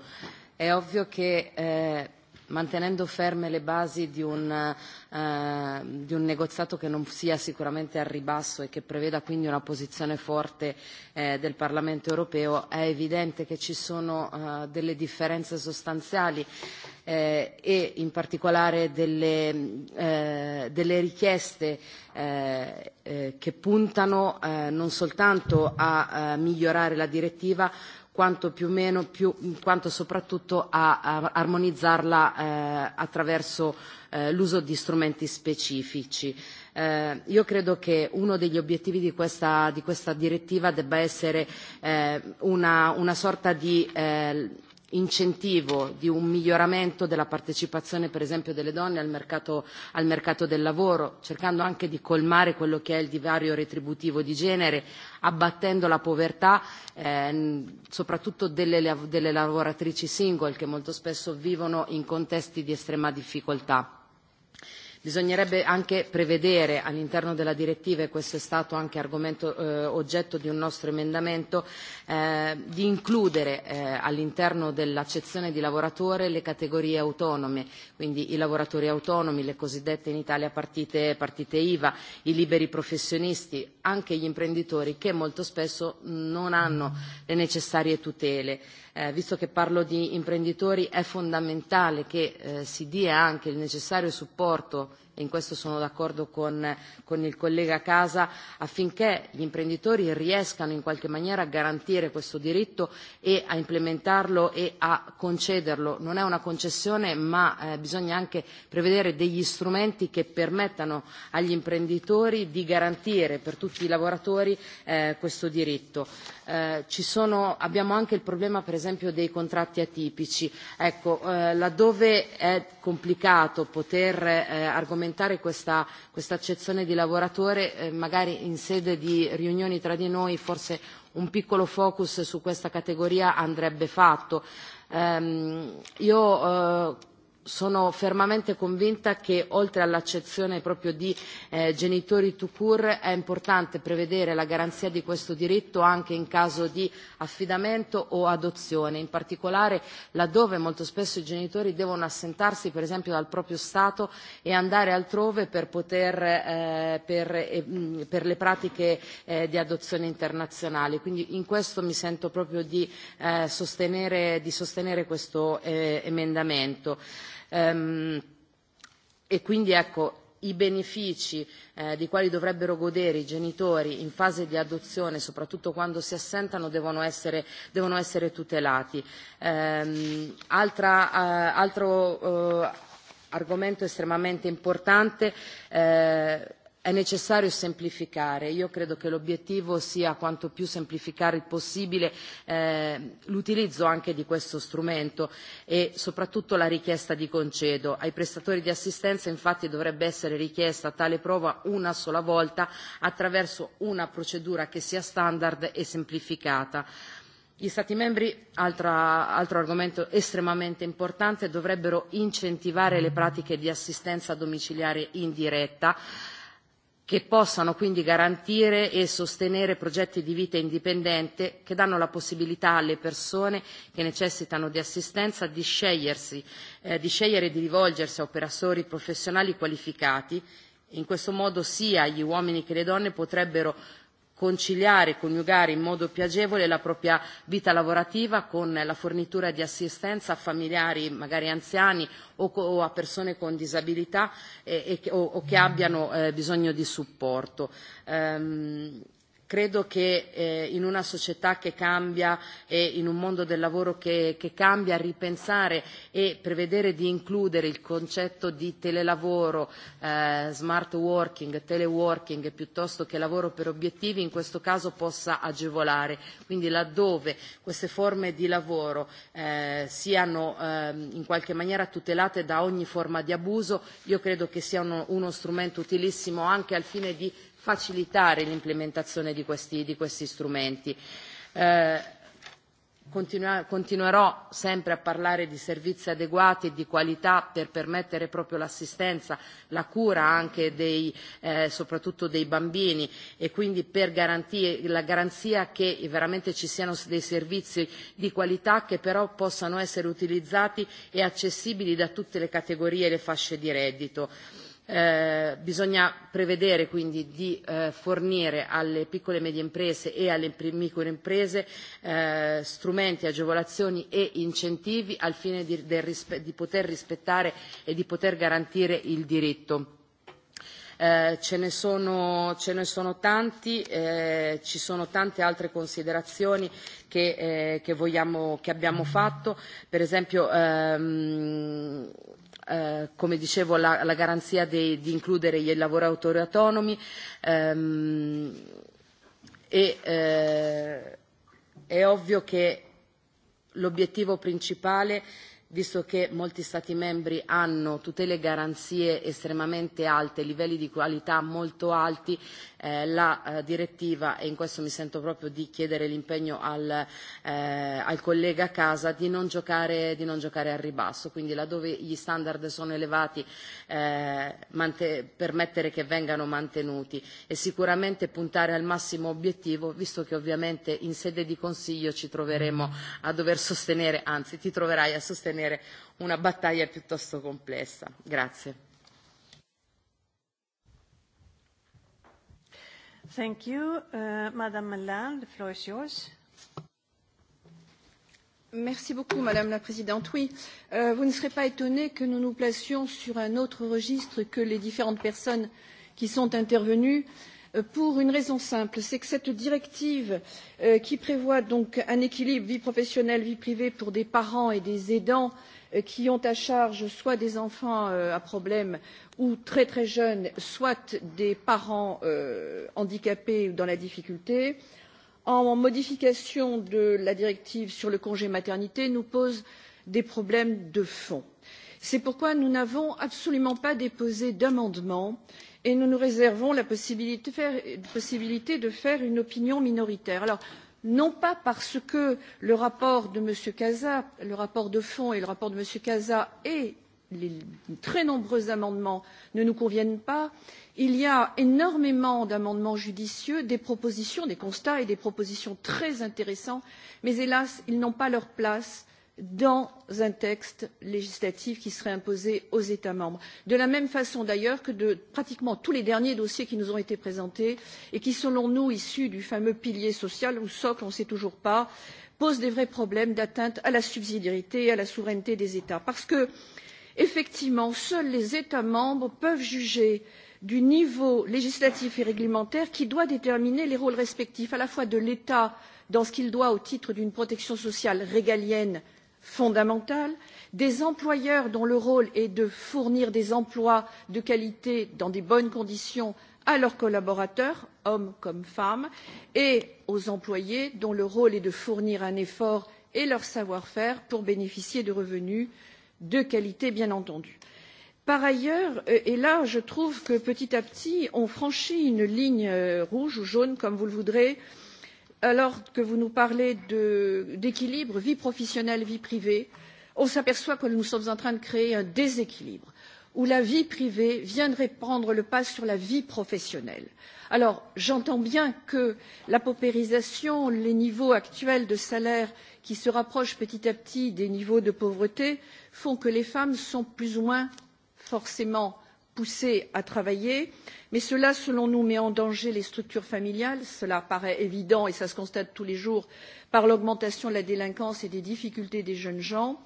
È ovvio che eh, mantenendo ferme le basi di un, eh, di un negoziato che non sia sicuramente al ribasso e che preveda quindi una posizione forte eh, del Parlamento europeo, è evidente che ci sono eh, delle differenze sostanziali eh, e in particolare delle, eh, delle richieste eh, eh, che puntano eh, non soltanto a, a eh, migliorare la direttiva quanto più o meno più, quanto soprattutto a, a armonizzarla eh, attraverso eh, l'uso di strumenti specifici. Eh, io credo che uno degli obiettivi di questa, di questa direttiva debba essere eh, una, una sorta di eh, incentivo di un miglioramento della partecipazione per esempio delle donne al mercato, al mercato del lavoro, cercando anche di colmare quello che è il divario retributivo di genere, abbattendo la povertà eh, soprattutto delle, delle lavoratrici single che molto spesso vivono in contesti di estrema difficoltà Bisognerebbe anche prevedere all'interno della direttiva, e questo è stato anche argomento, eh, oggetto di un nostro emendamento, eh, di includere eh, all'interno dell'accezione di lavoratore le categorie autonome, quindi i lavoratori autonomi, le cosiddette in Italia partite, partite IVA, i liberi professionisti, anche gli imprenditori che molto spesso non hanno le necessarie tutele. Eh, visto che parlo di imprenditori, è fondamentale che eh, si dia anche il necessario supporto e in questo sono d'accordo con, con il collega Casa, affinché gli imprenditori riescano in qualche maniera a garantire questo diritto e a implementarlo e a concederlo. Non è una concessione, ma eh, bisogna anche prevedere degli strumenti che permettano agli imprenditori di garantire per tutti i lavoratori eh, questo diritto. Eh, abbiamo anche il problema per esempio dei contratti atipici. Ecco, eh, laddove è complicato poter eh, argomentare questa, accezione di lavoratore, magari in sede di riunioni tra di noi forse un piccolo focus su questa categoria andrebbe fatto. Ehm, io sono fermamente convinta che oltre all'accezione proprio di eh, genitori to court è importante prevedere la garanzia di questo diritto anche in caso di affidamento o adozione, in particolare laddove molto spesso i genitori devono assentarsi per esempio dal proprio Stato e andare altrove per, poter, eh, per, eh, per le pratiche eh, di adozione internazionali. Quindi in questo mi sento proprio di, eh, sostenere, di sostenere questo eh, emendamento. Ehm, e quindi ecco, i benefici dei eh, di quali dovrebbero godere i genitori in fase di adozione, soprattutto quando si assentano, devono essere, tutelati. Ehm, eh, altro eh, argomento estremamente importante È necessario semplificare, io credo che l'obiettivo sia quanto più semplificare il possibile eh, l'utilizzo anche di questo strumento e soprattutto la richiesta di concedo. Ai prestatori di assistenza infatti dovrebbe essere richiesta tale prova una sola volta attraverso una procedura che sia standard e semplificata. Gli Stati membri, altro argomento estremamente importante, dovrebbero incentivare le pratiche di assistenza domiciliare indiretta che possano quindi garantire e sostenere progetti di vita indipendente che danno la possibilità alle persone che necessitano di assistenza di, scegliersi, eh, di scegliere e di rivolgersi a operatori professionali qualificati. In questo modo sia gli uomini che le donne potrebbero conciliare e coniugare in modo più agevole la propria vita lavorativa con la fornitura di assistenza a familiari magari anziani o, a persone con disabilità e, e o, che abbiano eh, bisogno di supporto ehm, Credo che eh, in una società che cambia e in un mondo del lavoro che, che cambia ripensare e prevedere di includere il concetto di telelavoro, eh, smart working, teleworking piuttosto che lavoro per obiettivi in questo caso possa agevolare. Quindi laddove queste forme di lavoro eh, siano eh, in qualche maniera tutelate da ogni forma di abuso, io credo che siano uno strumento utilissimo anche al fine di facilitare l'implementazione di questi, di questi strumenti. Eh, continuerò sempre a parlare di servizi adeguati e di qualità per permettere proprio l'assistenza, la cura anche dei, eh, soprattutto dei bambini e quindi per garantire la garanzia che veramente ci siano dei servizi di qualità che però possano essere utilizzati e accessibili da tutte le categorie e le fasce di reddito Eh, bisogna prevedere quindi di eh, fornire alle piccole e medie imprese e alle microimprese eh, strumenti, agevolazioni e incentivi al fine di, di poter rispettare e di poter garantire il diritto. Eh, ce, ne sono, ce ne sono tanti, eh, ci sono tante altre considerazioni che, eh, che, vogliamo, che abbiamo fatto, per esempio ehm, Eh, come dicevo la, la garanzia de, di includere i lavoratori autonomi ehm, e eh, è ovvio che l'obiettivo principale visto che molti stati membri hanno tutele e garanzie estremamente alte livelli di qualità molto alti Eh, la eh, direttiva e in questo mi sento proprio di chiedere l'impegno al, eh, al collega Casa di non, giocare, di non giocare al ribasso, quindi laddove gli standard sono elevati eh, permettere che vengano mantenuti e sicuramente puntare al massimo obiettivo visto che ovviamente in sede di Consiglio ci troveremo a dover sostenere, anzi ti troverai a sostenere una battaglia piuttosto complessa. Grazie. Thank you. Uh, Madame Melan, the floor is yours. Merci beaucoup, Madame la Présidente. Oui, euh, vous ne serez pas étonnée que nous nous placions sur un autre registre que les différentes personnes qui sont intervenues euh, pour une raison simple c'est que cette directive euh, qui prévoit donc un équilibre vie professionnelle vie privée pour des parents et des aidants Euh, qui ont à charge soit des enfants euh, à problème ou très très jeunes soit des parents euh, handicapés ou dans la difficulté en modification de la directive sur le congé maternité nous pose des problèmes de fond. c'est pourquoi nous n'avons absolument pas déposé d'amendement et nous nous réservons la possibilité de faire une opinion minoritaire. alors non pas parce que le rapport de m. casa le rapport de fond et le rapport de m. casa et les très nombreux amendements ne nous conviennent pas il y a énormément d'amendements judicieux des propositions des constats et des propositions très intéressants mais hélas ils n'ont pas leur place dans un texte législatif qui serait imposé aux états membres de la même façon d'ailleurs que de pratiquement tous les derniers dossiers qui nous ont été présentés et qui selon nous issus du fameux pilier social ou socle on ne sait toujours pas posent de vrais problèmes d'atteinte à la subsidiarité et à la souveraineté des états parce que effectivement seuls les états membres peuvent juger du niveau législatif et réglementaire qui doit déterminer les rôles respectifs à la fois de l'état dans ce qu'il doit au titre d'une protection sociale régalienne fondamentale des employeurs dont le rôle est de fournir des emplois de qualité dans de bonnes conditions à leurs collaborateurs hommes comme femmes et aux employés dont le rôle est de fournir un effort et leur savoir faire pour bénéficier de revenus de qualité bien entendu. par ailleurs euh, et là je trouve que petit à petit on franchit une ligne euh, rouge ou jaune comme vous le voudrez alors que vous nous parlez d'équilibre vie professionnelle vie privée on s'aperçoit que nous sommes en train de créer un déséquilibre où la vie privée viendrait prendre le pas sur la vie professionnelle. alors j'entends bien que la paupérisation les niveaux actuels de salaire qui se rapprochent petit à petit des niveaux de pauvreté font que les femmes sont plus ou moins forcément poussés à travailler mais cela selon nous met en danger les structures familiales cela paraît évident et cela se constate tous les jours par l'augmentation de la délinquance et des difficultés des jeunes gens.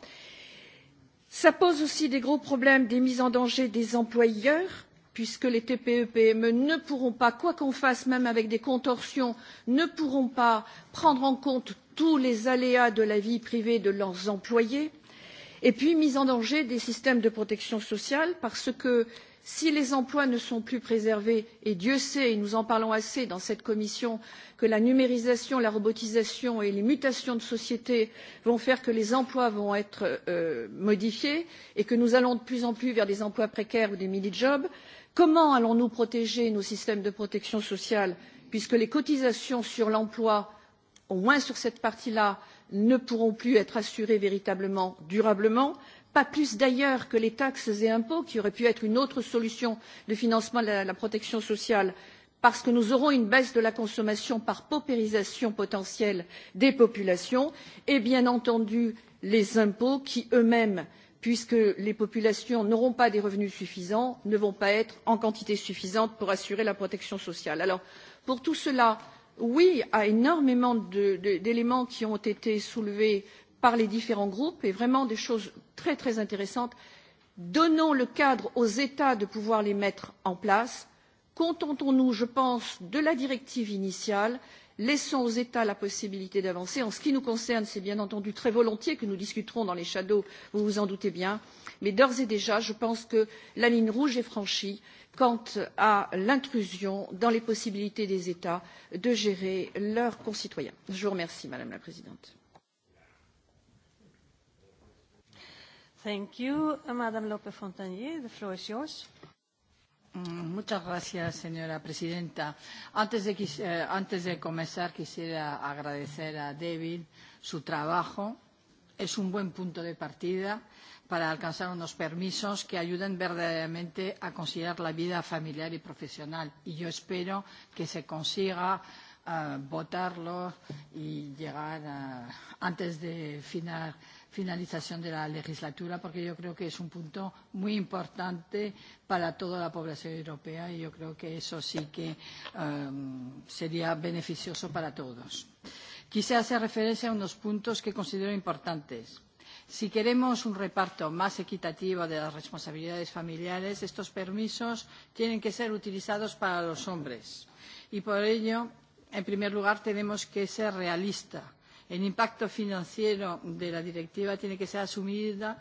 cela pose aussi de gros problèmes de mise en danger des employeurs puisque les tpe pme ne pourront pas quoi qu'on fasse même avec des contorsions prendre en compte tous les aléas de la vie privée de leurs employés et puis mise en danger des systèmes de protection sociale parce que si les emplois ne sont plus préservés et dieu sait et nous en parlons assez dans cette commission que la numérisation la robotisation et les mutations de société vont faire que les emplois vont être euh, modifiés et que nous allons de plus en plus vers des emplois précaires ou des mini jobs comment allons nous protéger nos systèmes de protection sociale puisque les cotisations sur l'emploi au moins sur cette partie là ne pourront plus être assurées véritablement durablement? pas plus d'ailleurs que les taxes et impôts qui auraient pu être une autre solution de financement de la, protection sociale parce que nous aurons une baisse de la consommation par paupérisation potentielle des populations et bien entendu les impôts qui eux mêmes puisque les populations n'auront pas des revenus suffisants ne vont pas être en quantité suffisante pour assurer la protection sociale. alors pour tout cela oui à énormément d'éléments qui ont été soulevés par les différents groupes et vraiment des choses très très intéressantes. Donnons le cadre aux États de pouvoir les mettre en place. Contentons nous, je pense, de la directive initiale. Laissons aux États la possibilité d'avancer. En ce qui nous concerne, c'est bien entendu très volontiers que nous discuterons dans les shadows, vous vous en doutez bien. Mais d'ores et déjà, je pense que la ligne rouge est franchie quant à l'intrusion dans les possibilités des États de gérer leurs concitoyens. Je vous remercie, Madame la Présidente. Thank you. Madame López Fontanier, the floor is yours. Mm, muchas gracias, señora presidenta. Antes de, eh, antes de comenzar, quisiera agradecer a David su trabajo. Es un buen punto de partida para alcanzar unos permisos que ayuden verdaderamente a conciliar la vida familiar y profesional. Y yo espero que se consiga eh, votarlo y llegar eh, antes de final finalización de la legislatura, porque yo creo que es un punto muy importante para toda la población europea y yo creo que eso sí que um, sería beneficioso para todos. Quise hacer referencia a unos puntos que considero importantes. Si queremos un reparto más equitativo de las responsabilidades familiares, estos permisos tienen que ser utilizados para los hombres. Y por ello, en primer lugar, tenemos que ser realistas el impacto financiero de la directiva tiene que ser asumido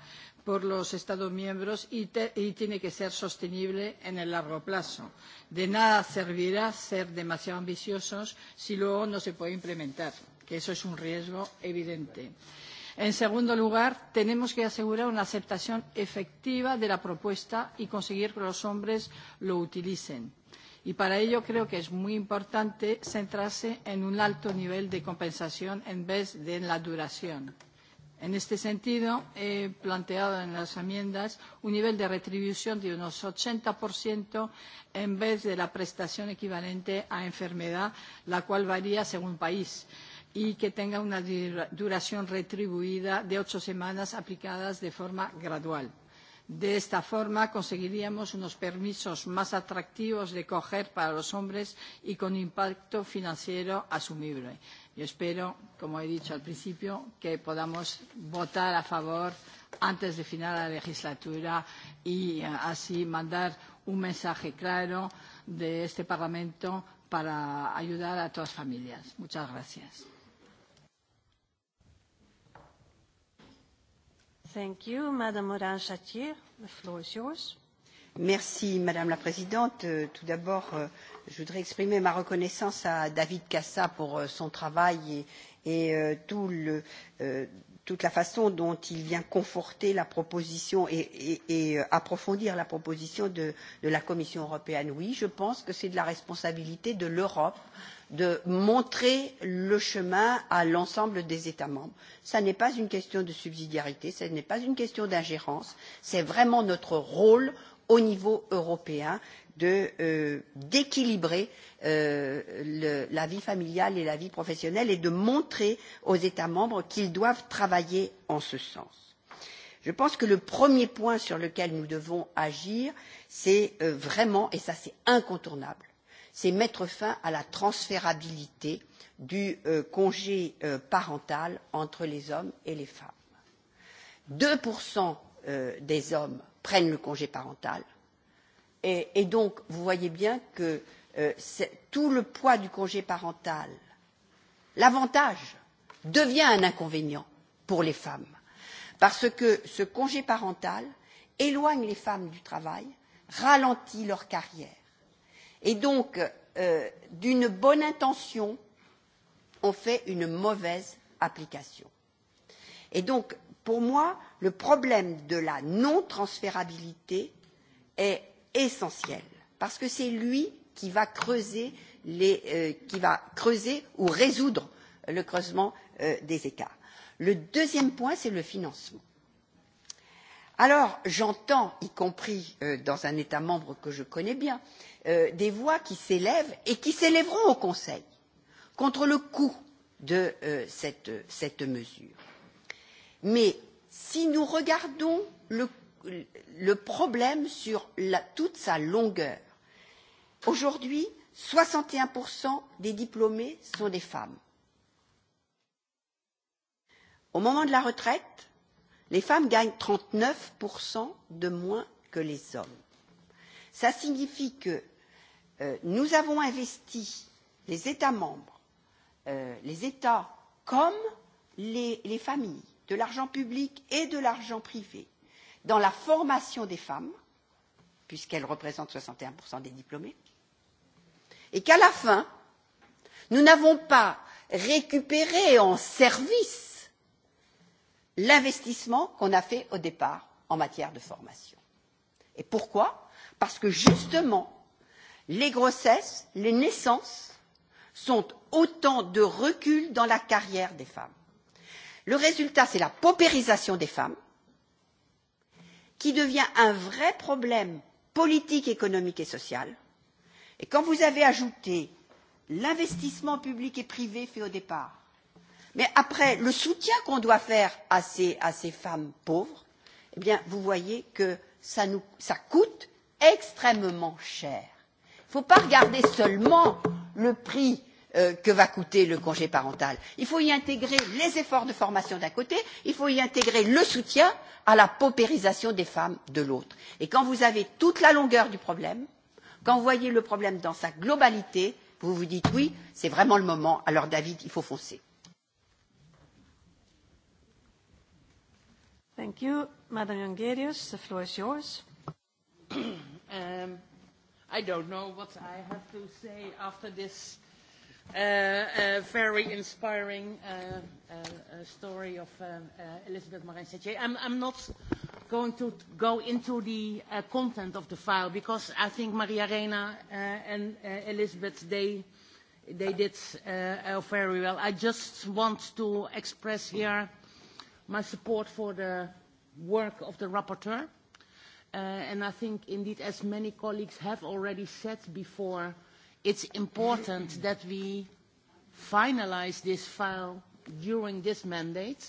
por los Estados miembros y, te, y tiene que ser sostenible en el largo plazo. De nada servirá ser demasiado ambiciosos si luego no se puede implementar, que eso es un riesgo evidente. En segundo lugar, tenemos que asegurar una aceptación efectiva de la propuesta y conseguir que los hombres lo utilicen y para ello creo que es muy importante centrarse en un alto nivel de compensación en vez de en la duración. En este sentido, he planteado en las enmiendas un nivel de retribución de unos 80% en vez de la prestación equivalente a enfermedad, la cual varía según país y que tenga una duración retribuida de ocho semanas aplicadas de forma gradual. De esta forma conseguiríamos unos permisos más atractivos de coger para los hombres y con impacto financiero asumible. Yo espero, como he dicho al principio, que podamos votar a favor antes de final la legislatura y eh, así mandar un mensaje claro de este Parlamento para ayudar a todas las familias. Muchas gracias. Thank you. Madame morin Chatier, the floor is yours. Merci, madame la présidente euh, tout d'abord euh, je voudrais exprimer ma reconnaissance à david Cassa pour euh, son travail et, et tout le travail toute la façon dont il vient conforter la proposition et, et, et euh, approfondir la proposition de, de la Commission européenne. Oui, je pense que c'est de la responsabilité de l'Europe de montrer le chemin à l'ensemble des États membres. Ce n'est pas une question de subsidiarité, ce n'est pas une question d'ingérence, c'est vraiment notre rôle au niveau européen Euh, d'équilibrer euh, la vie familiale et la vie professionnelle et de montrer aux états membres qu'ils doivent travailler en ce sens. je pense que le premier point sur lequel nous devons agir c'est euh, vraiment et ça c'est incontournable c'est mettre fin à la transférabilité du euh, congé parental entre les hommes et les femmes. deux des hommes prennent le congé parental et, donc vous voyez bien que euh, tout le poids du congé parental l'avantage devient un inconvénient pour les femmes parce que ce congé parental éloigne les femmes du travail ralentit leur carrière et donc euh, d'une bonne intention on fait une mauvaise application. et donc pour moi le problème de la non transférabilité est essentiel parce que c'est lui qui va creuser les, euh, qui va creuser ou résoudre le creusement euh, des écarts. Le deuxième point, c'est le financement. Alors, j'entends, y compris euh, dans un État membre que je connais bien, des voix qui s'élèvent et qui s'élèveront au Conseil contre le coût de cette, cette mesure. Mais si nous regardons le le problème sur la, toute sa longueur. Aujourd'hui, soixante et un des diplômés sont des femmes. Au moment de la retraite, les femmes gagnent trente neuf de moins que les hommes. Cela signifie que euh, nous avons investi les États membres, euh, les États comme les, les familles, de l'argent public et de l'argent privé dans la formation des femmes puisqu'elles représentent soixante et un des diplômés et qu'à la fin nous n'avons pas récupéré en service l'investissement qu'on a fait au départ en matière de formation. Et pourquoi Parce que justement, les grossesses, les naissances sont autant de reculs dans la carrière des femmes. Le résultat, c'est la paupérisation des femmes qui devient un vrai problème politique, économique et social. Et quand vous avez ajouté l'investissement public et privé fait au départ, mais après le soutien qu'on doit faire à ces, à ces femmes pauvres, eh bien, vous voyez que ça, nous, ça coûte extrêmement cher. Il ne faut pas regarder seulement le prix Euh, que va coûter le congé parental. il faut y intégrer les efforts de formation d'un côté il faut y intégrer le soutien à la paupérisation des femmes de l'autre et quand vous avez toute la longueur du problème quand vous voyez le problème dans sa globalité vous vous dites oui c'est vraiment le moment alors david il faut foncer. Thank you. Madam Jongerius, the floor is yours. <coughs> um, I don't know what I have to say after this uh, very inspiring uh uh, uh story of um, uh Elizabeth Marin Sachet. I'm, I'm not going to go into the uh content of the file because I think Maria Reina uh, and uh Elizabeth, they, they did uh uh very well. I just want to express here my support for the work of the rapporteur. Uh, and I think indeed, as many colleagues have already said before, it's important that we finalize this file during this mandate.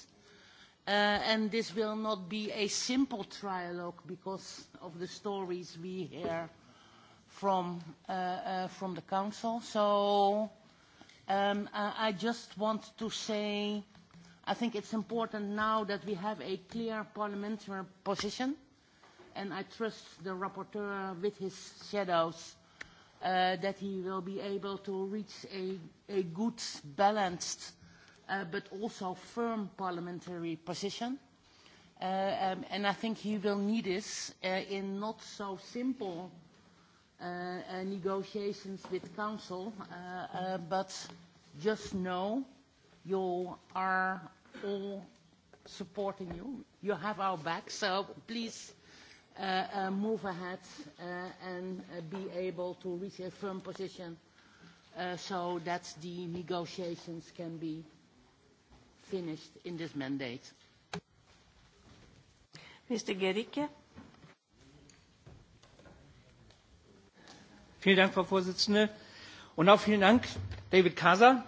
Uh, and this will not be a simple trialogue because of the stories we hear from, uh, uh, from the council. So um, I, I just want to say I think it's important now that we have a clear parliamentary position, and I trust the rapporteur with his shadows Uh, that he will be able to reach a, a good, balanced, uh, but also firm parliamentary position. Uh, um, and I think he will need this uh, in not so simple uh, uh, negotiations with Council, uh, uh, but just know you are all supporting you. You have our back, so please uh, uh, move ahead uh, and uh, be able to reach a firm position uh, so that the negotiations can be finished in this mandate. Mr. Gericke. Vielen Dank, Frau Vorsitzende. Und auch vielen Dank, David Casa.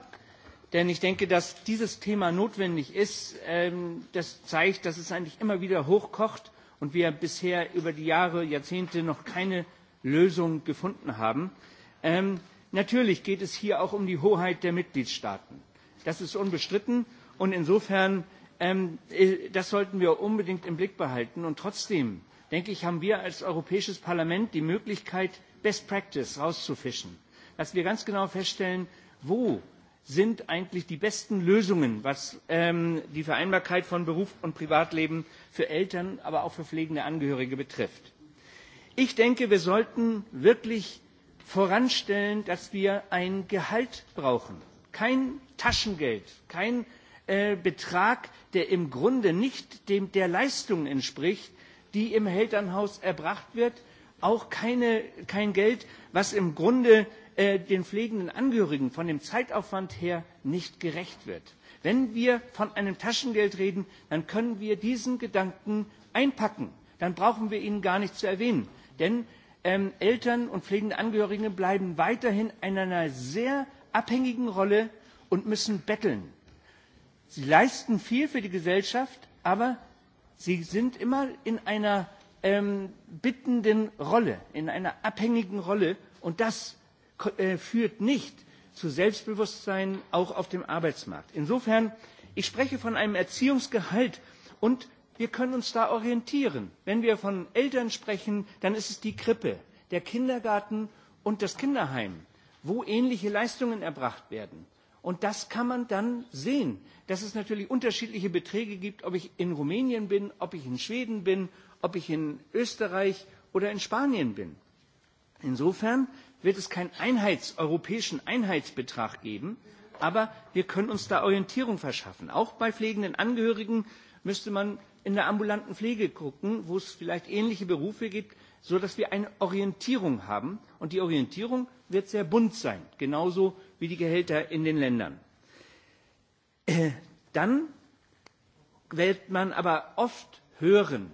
Denn ich denke, dass dieses Thema notwendig ist. Ähm, das zeigt, dass es eigentlich immer wieder hochkocht und wir bisher über die Jahre, Jahrzehnte noch keine Lösung gefunden haben. Ähm, natürlich geht es hier auch um die Hoheit der Mitgliedstaaten. Das ist unbestritten und insofern, ähm, äh, das sollten wir unbedingt im Blick behalten. Und trotzdem, denke ich, haben wir als Europäisches Parlament die Möglichkeit, Best Practice rauszufischen, dass wir ganz genau feststellen, wo sind eigentlich die besten Lösungen, was ähm, die Vereinbarkeit von Beruf und Privatleben für Eltern, aber auch für pflegende Angehörige betrifft. Ich denke, wir sollten wirklich voranstellen, dass wir ein Gehalt brauchen, kein Taschengeld, kein äh, Betrag, der im Grunde nicht dem, der Leistung entspricht, die im Elternhaus erbracht wird, auch keine, kein Geld, was im Grunde Äh, den pflegenden Angehörigen von dem Zeitaufwand her nicht gerecht wird. Wenn wir von einem Taschengeld reden, dann können wir diesen Gedanken einpacken. Dann brauchen wir ihn gar nicht zu erwähnen. Denn ähm, Eltern und pflegende Angehörige bleiben weiterhin in einer sehr abhängigen Rolle und müssen betteln. Sie leisten viel für die Gesellschaft, aber sie sind immer in einer ähm, bittenden Rolle, in einer abhängigen Rolle. Und das Äh, führt nicht zu Selbstbewusstsein auch auf dem Arbeitsmarkt. Insofern, ich spreche von einem Erziehungsgehalt und wir können uns da orientieren. Wenn wir von Eltern sprechen, dann ist es die Krippe, der Kindergarten und das Kinderheim, wo ähnliche Leistungen erbracht werden. Und das kann man dann sehen, dass es natürlich unterschiedliche Beträge gibt, ob ich in Rumänien bin, ob ich in Schweden bin, ob ich in Österreich oder in Spanien bin. Insofern wird es keinen Einheits, europäischen Einheitsbetrag geben, aber wir können uns da Orientierung verschaffen. Auch bei pflegenden Angehörigen müsste man in der ambulanten Pflege gucken, wo es vielleicht ähnliche Berufe gibt, sodass wir eine Orientierung haben. Und die Orientierung wird sehr bunt sein, genauso wie die Gehälter in den Ländern. Äh, dann wird man aber oft hören,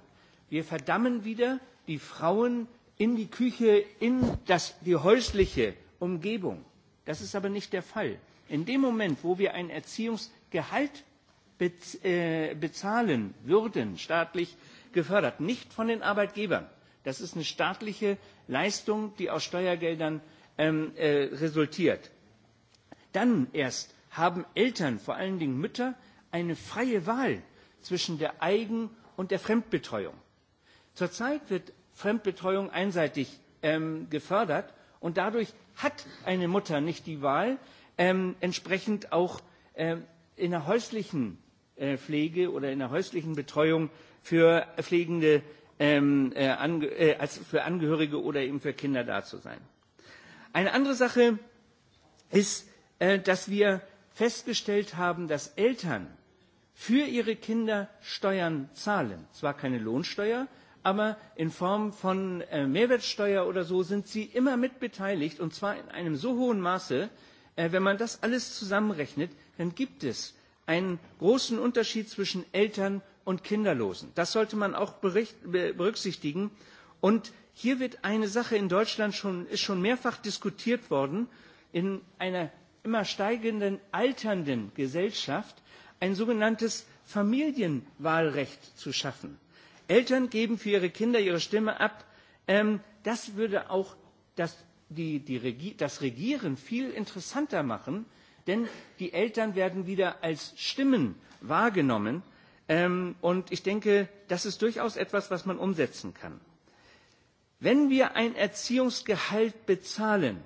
wir verdammen wieder die Frauen, in die Küche, in das, die häusliche Umgebung. Das ist aber nicht der Fall. In dem Moment, wo wir ein Erziehungsgehalt äh, bezahlen würden, staatlich gefördert, nicht von den Arbeitgebern, das ist eine staatliche Leistung, die aus Steuergeldern ähm, äh, resultiert, dann erst haben Eltern, vor allen Dingen Mütter, eine freie Wahl zwischen der Eigen- und der Fremdbetreuung. Zurzeit wird Fremdbetreuung einseitig ähm, gefördert. Und dadurch hat eine Mutter nicht die Wahl, ähm, entsprechend auch ähm, in der häuslichen äh, Pflege oder in der häuslichen Betreuung für pflegende ähm, äh, ange äh, als für Angehörige oder eben für Kinder da zu sein. Eine andere Sache ist, äh, dass wir festgestellt haben, dass Eltern für ihre Kinder Steuern zahlen. Zwar keine Lohnsteuer, aber in Form von äh, Mehrwertsteuer oder so sind sie immer mitbeteiligt und zwar in einem so hohen Maße, äh, wenn man das alles zusammenrechnet, dann gibt es einen großen Unterschied zwischen Eltern und Kinderlosen. Das sollte man auch bericht, berücksichtigen. Und hier wird eine Sache in Deutschland schon, ist schon mehrfach diskutiert worden, in einer immer steigenden, alternden Gesellschaft ein sogenanntes Familienwahlrecht zu schaffen. Eltern geben für ihre Kinder ihre Stimme ab. Ähm, das würde auch das, die, die das Regieren viel interessanter machen, denn die Eltern werden wieder als Stimmen wahrgenommen. Ähm, und ich denke, das ist durchaus etwas, was man umsetzen kann. Wenn wir ein Erziehungsgehalt bezahlen,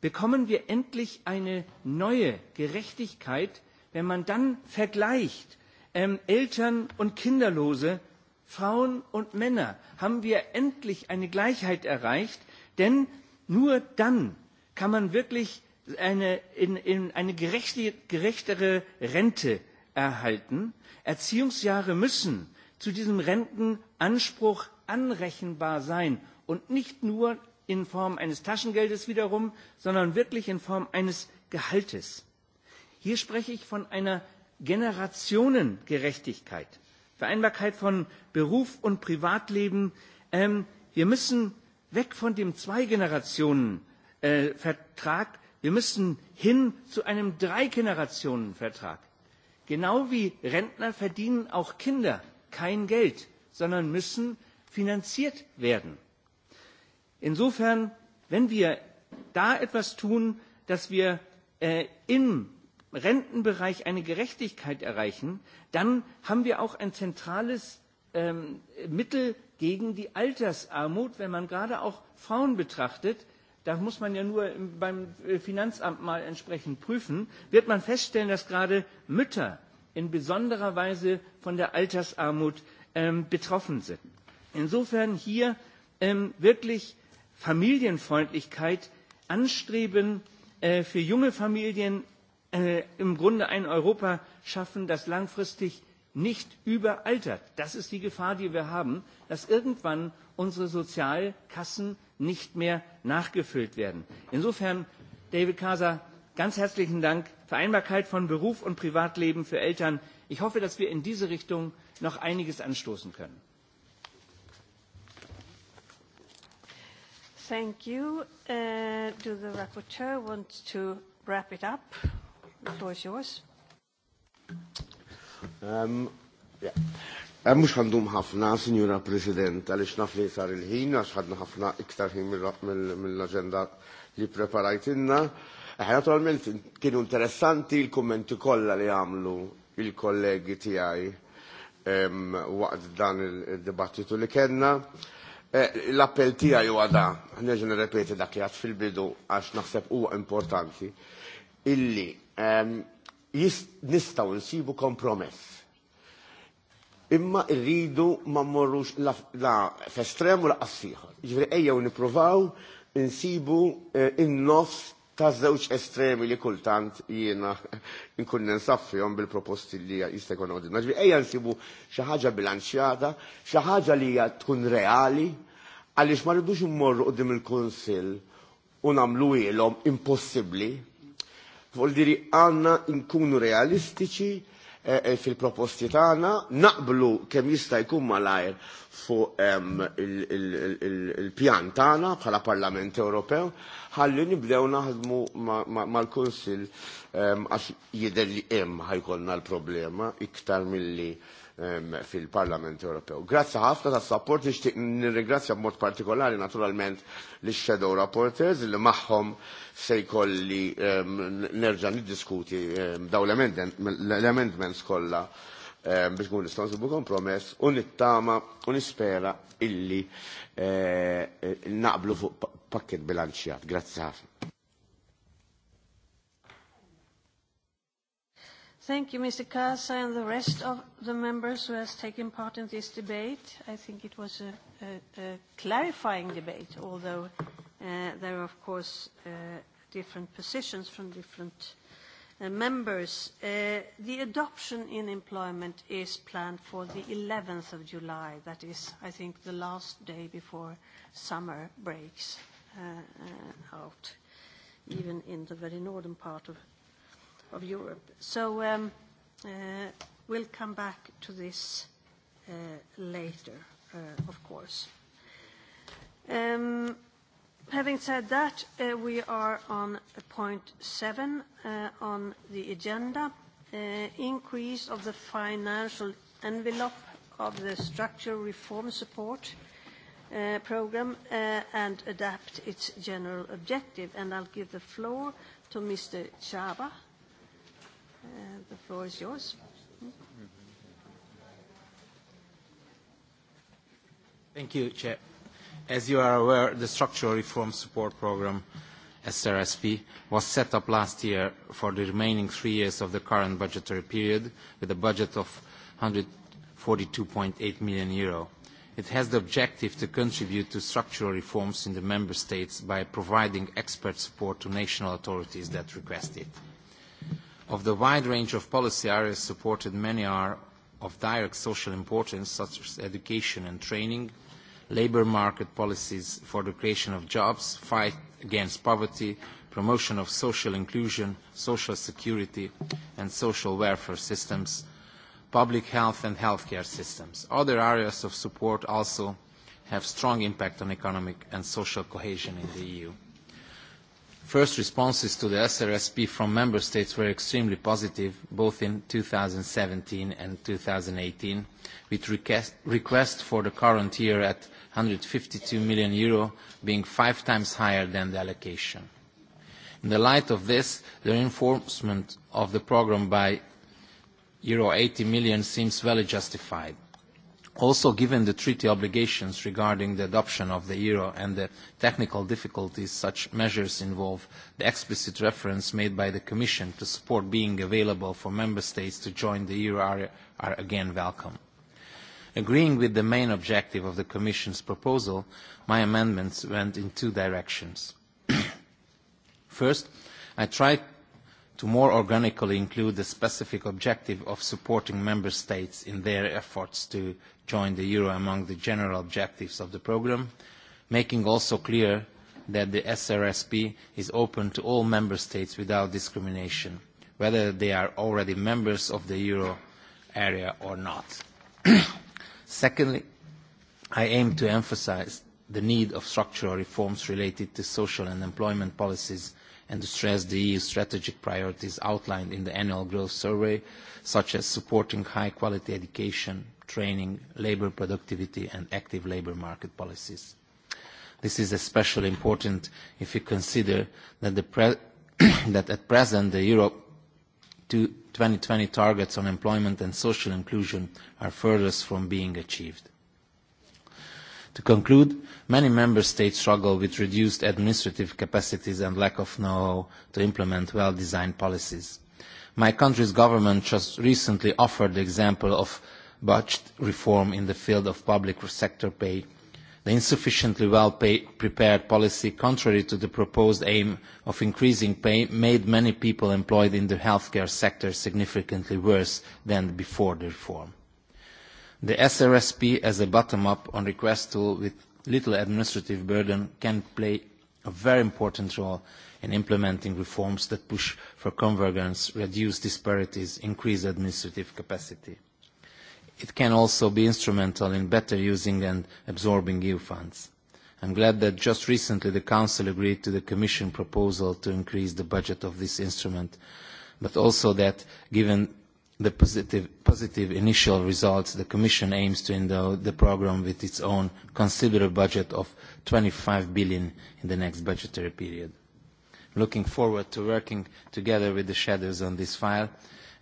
bekommen wir endlich eine neue Gerechtigkeit, wenn man dann vergleicht ähm, Eltern und Kinderlose Frauen und Männer haben wir endlich eine Gleichheit erreicht, denn nur dann kann man wirklich eine, in, in eine gerechte, gerechtere Rente erhalten. Erziehungsjahre müssen zu diesem Rentenanspruch anrechenbar sein und nicht nur in Form eines Taschengeldes wiederum, sondern wirklich in Form eines Gehaltes. Hier spreche ich von einer Generationengerechtigkeit. Vereinbarkeit von Beruf und Privatleben. Ähm, wir müssen weg von dem Zwei-Generationen-Vertrag. Äh, wir müssen hin zu einem Drei-Generationen-Vertrag. Genau wie Rentner verdienen auch Kinder kein Geld, sondern müssen finanziert werden. Insofern, wenn wir da etwas tun, dass wir äh, im Rentenbereich eine Gerechtigkeit erreichen, dann haben wir auch ein zentrales ähm, Mittel gegen die Altersarmut, wenn man gerade auch Frauen betrachtet. Da muss man ja nur beim äh, Finanzamt mal entsprechend prüfen, wird man feststellen, dass gerade Mütter in besonderer Weise von der Altersarmut ähm, betroffen sind. Insofern hier ähm, wirklich Familienfreundlichkeit anstreben, äh, für junge Familien Äh, im Grunde ein Europa schaffen, das langfristig nicht überaltert. Das ist die Gefahr, die wir haben, dass irgendwann unsere Sozialkassen nicht mehr nachgefüllt werden. Insofern, David Casa, ganz herzlichen Dank. Vereinbarkeit von Beruf und Privatleben für Eltern. Ich hoffe, dass wir in diese Richtung noch einiges anstoßen können. Thank you. Uh, do the rapporteur want to wrap it up? The floor is yours. Um, yeah. Mux għandum ħafna, Signora President, għalix nafli sar il-ħin, għax ħadna ħafna iktar ħin mill-agenda li preparajt inna. Eh, naturalment, kienu interessanti il-kommenti kollha li għamlu il-kollegi tiegħi waqt dan il-dibattitu li kellna. Eh, l-appell tiegħi huwa da, ħneġa nirrepeti dak li fil-bidu għax naħseb huwa importanti illi Ehm, Nistgħu nsibu kompromess. Imma rridu ma mmorrux la f'estrem u laqqas ieħor. Ġifieri ejjew nippruvaw nsibu eh, in-nofs ta' żewġ estremi li kultant jiena <laughs> nkun nsaffihom bil-proposti li jista' jkun għodinna. Ġifieri ejja nsibu xi ħaġa bilanċjata, xi ħaġa li hija tkun reali għaliex ma rridux immorru qudiem il-Kunsill u nagħmlu ilhom impossibbli vuol dire għanna nkunu realistiċi e, e fil-proposti tagħna naqblu kemm jista' jkun fu fuq il-pjan tagħna bħala Parlament Ewropew ħalli nibdew naħdmu mal-Kunsill għax jidher li hemm ħajkollna l-problema iktar milli Ehm, fil-Parlament Ewropew. Grazzi ħafna tas support nixtieq nirringrazzja b'mod partikolari naturalment lix shadow Rapporters li magħhom se jkolli ehm, nerġa' niddiskuti ehm, daw l-amendments kollha biex tkun nistgħu nsibu kompromess u nittama u nispera illi eh, naqblu fuq pakket bilanċjat. Grazzi ħafna. Thank you, Mr. Casa, and the rest of the members who has taken part in this debate. I think it was a, a, a clarifying debate, although uh, there are, of course, uh, different positions from different uh, members. Uh, the adoption in employment is planned for the 11th of July. That is, I think, the last day before summer breaks uh, uh, out, even in the very northern part of of Europe. So um, uh, we'll come back to this uh, later, uh, of course. Um, having said that, uh, we are on point seven uh, on the agenda, uh, increase of the financial envelope of the structural reform support uh, program uh, and adapt its general objective. And I'll give the floor to Mr. Chava, Uh, the floor is yours. Thank you, Chair. As you are aware, the Structural Reform Support Programme, SRSP, was set up last year for the remaining three years of the current budgetary period with a budget of 142.8 million euro. It has the objective to contribute to structural reforms in the member states by providing expert support to national authorities that request it. Of the wide range of policy areas supported, many are of direct social importance, such as education and training, labour market policies for the creation of jobs, fight against poverty, promotion of social inclusion, social security and social welfare systems, public health and healthcare systems. Other areas of support also have strong impact on economic and social cohesion in the EU. First responses to the SRSP from member states were extremely positive, both in thousand and eighteen, with requests request for the current year at EUR one hundred fifty two million being five times higher than the allocation. In the light of this, the reinforcement of the programme by EUR eighty million seems well justified Also, given the treaty obligations regarding the adoption of the euro and the technical difficulties such measures involve, the explicit reference made by the Commission to support being available for Member States to join the euro area are again welcome. Agreeing with the main objective of the Commission's proposal, my amendments went in two directions. <clears throat> First, I tried to more organically include the specific objective of supporting member states in their efforts to join the euro among the general objectives of the programme, making also clear that the SRSP is open to all member states without discrimination, whether they are already members of the euro area or not. <clears throat> Secondly, I aim to emphasise the need of structural reforms related to social and employment policies and to stress the EU strategic priorities outlined in the annual growth survey, such as supporting high-quality education, training, labour productivity and active labour market policies. This is especially important if you consider that, the pre <coughs> that at present the Europe twenty targets on employment and social inclusion are furthest from being achieved. To conclude, many member states struggle with reduced administrative capacities and lack of know-how to implement well-designed policies. My country's government just recently offered the example of botched reform in the field of public sector pay. The insufficiently well-prepared policy, contrary to the proposed aim of increasing pay, made many people employed in the healthcare sector significantly worse than before the reform. The SRSP as a bottom-up on request tool with little administrative burden can play a very important role in implementing reforms that push for convergence, reduce disparities, increase administrative capacity. It can also be instrumental in better using and absorbing EU funds. I'm glad that just recently the Council agreed to the Commission proposal to increase the budget of this instrument, but also that given the positive, positive initial results, the Commission aims to endow the programme with its own considerable budget of EUR twenty five billion in the next budgetary period. Looking forward to working together with the shadows on this file,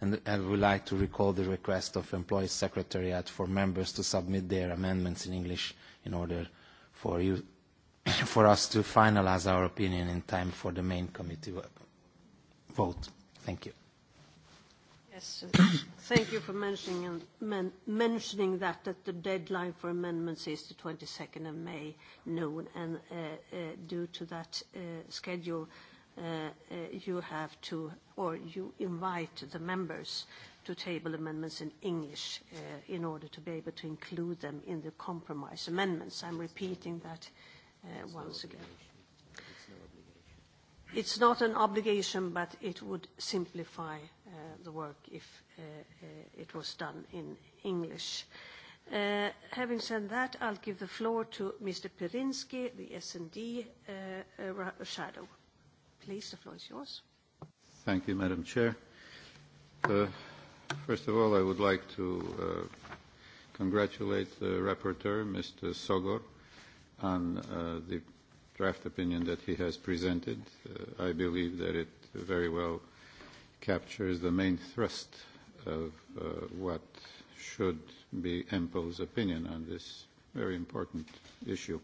and I would like to recall the request of Employees Secretariat for members to submit their amendments in English in order for, you, <coughs> for us to finalise our opinion in time for the main committee vote. Thank you. Yes, thank you for mentioning, mentioning that, that the deadline for amendments is the 22nd of May noon, and uh, uh, due to that uh, schedule, uh, uh, you have to, or you invite the members to table amendments in English in order to be able to include them in the compromise amendments. I'm repeating that no once again. It's, no it's not an obligation, but it would simplify Uh, the work if uh, uh, it was done in English. Uh, having said that, I'll give the floor to Mr. Pirinski, the S&D uh, uh, shadow. Please, the floor is yours. Thank you, Madam Chair. First of all, I would like to congratulate the rapporteur, Mr. Sogor, on the draft opinion that he has presented. I believe that it very well captures the main thrust of uh, what should be EMPO's opinion on this very important issue.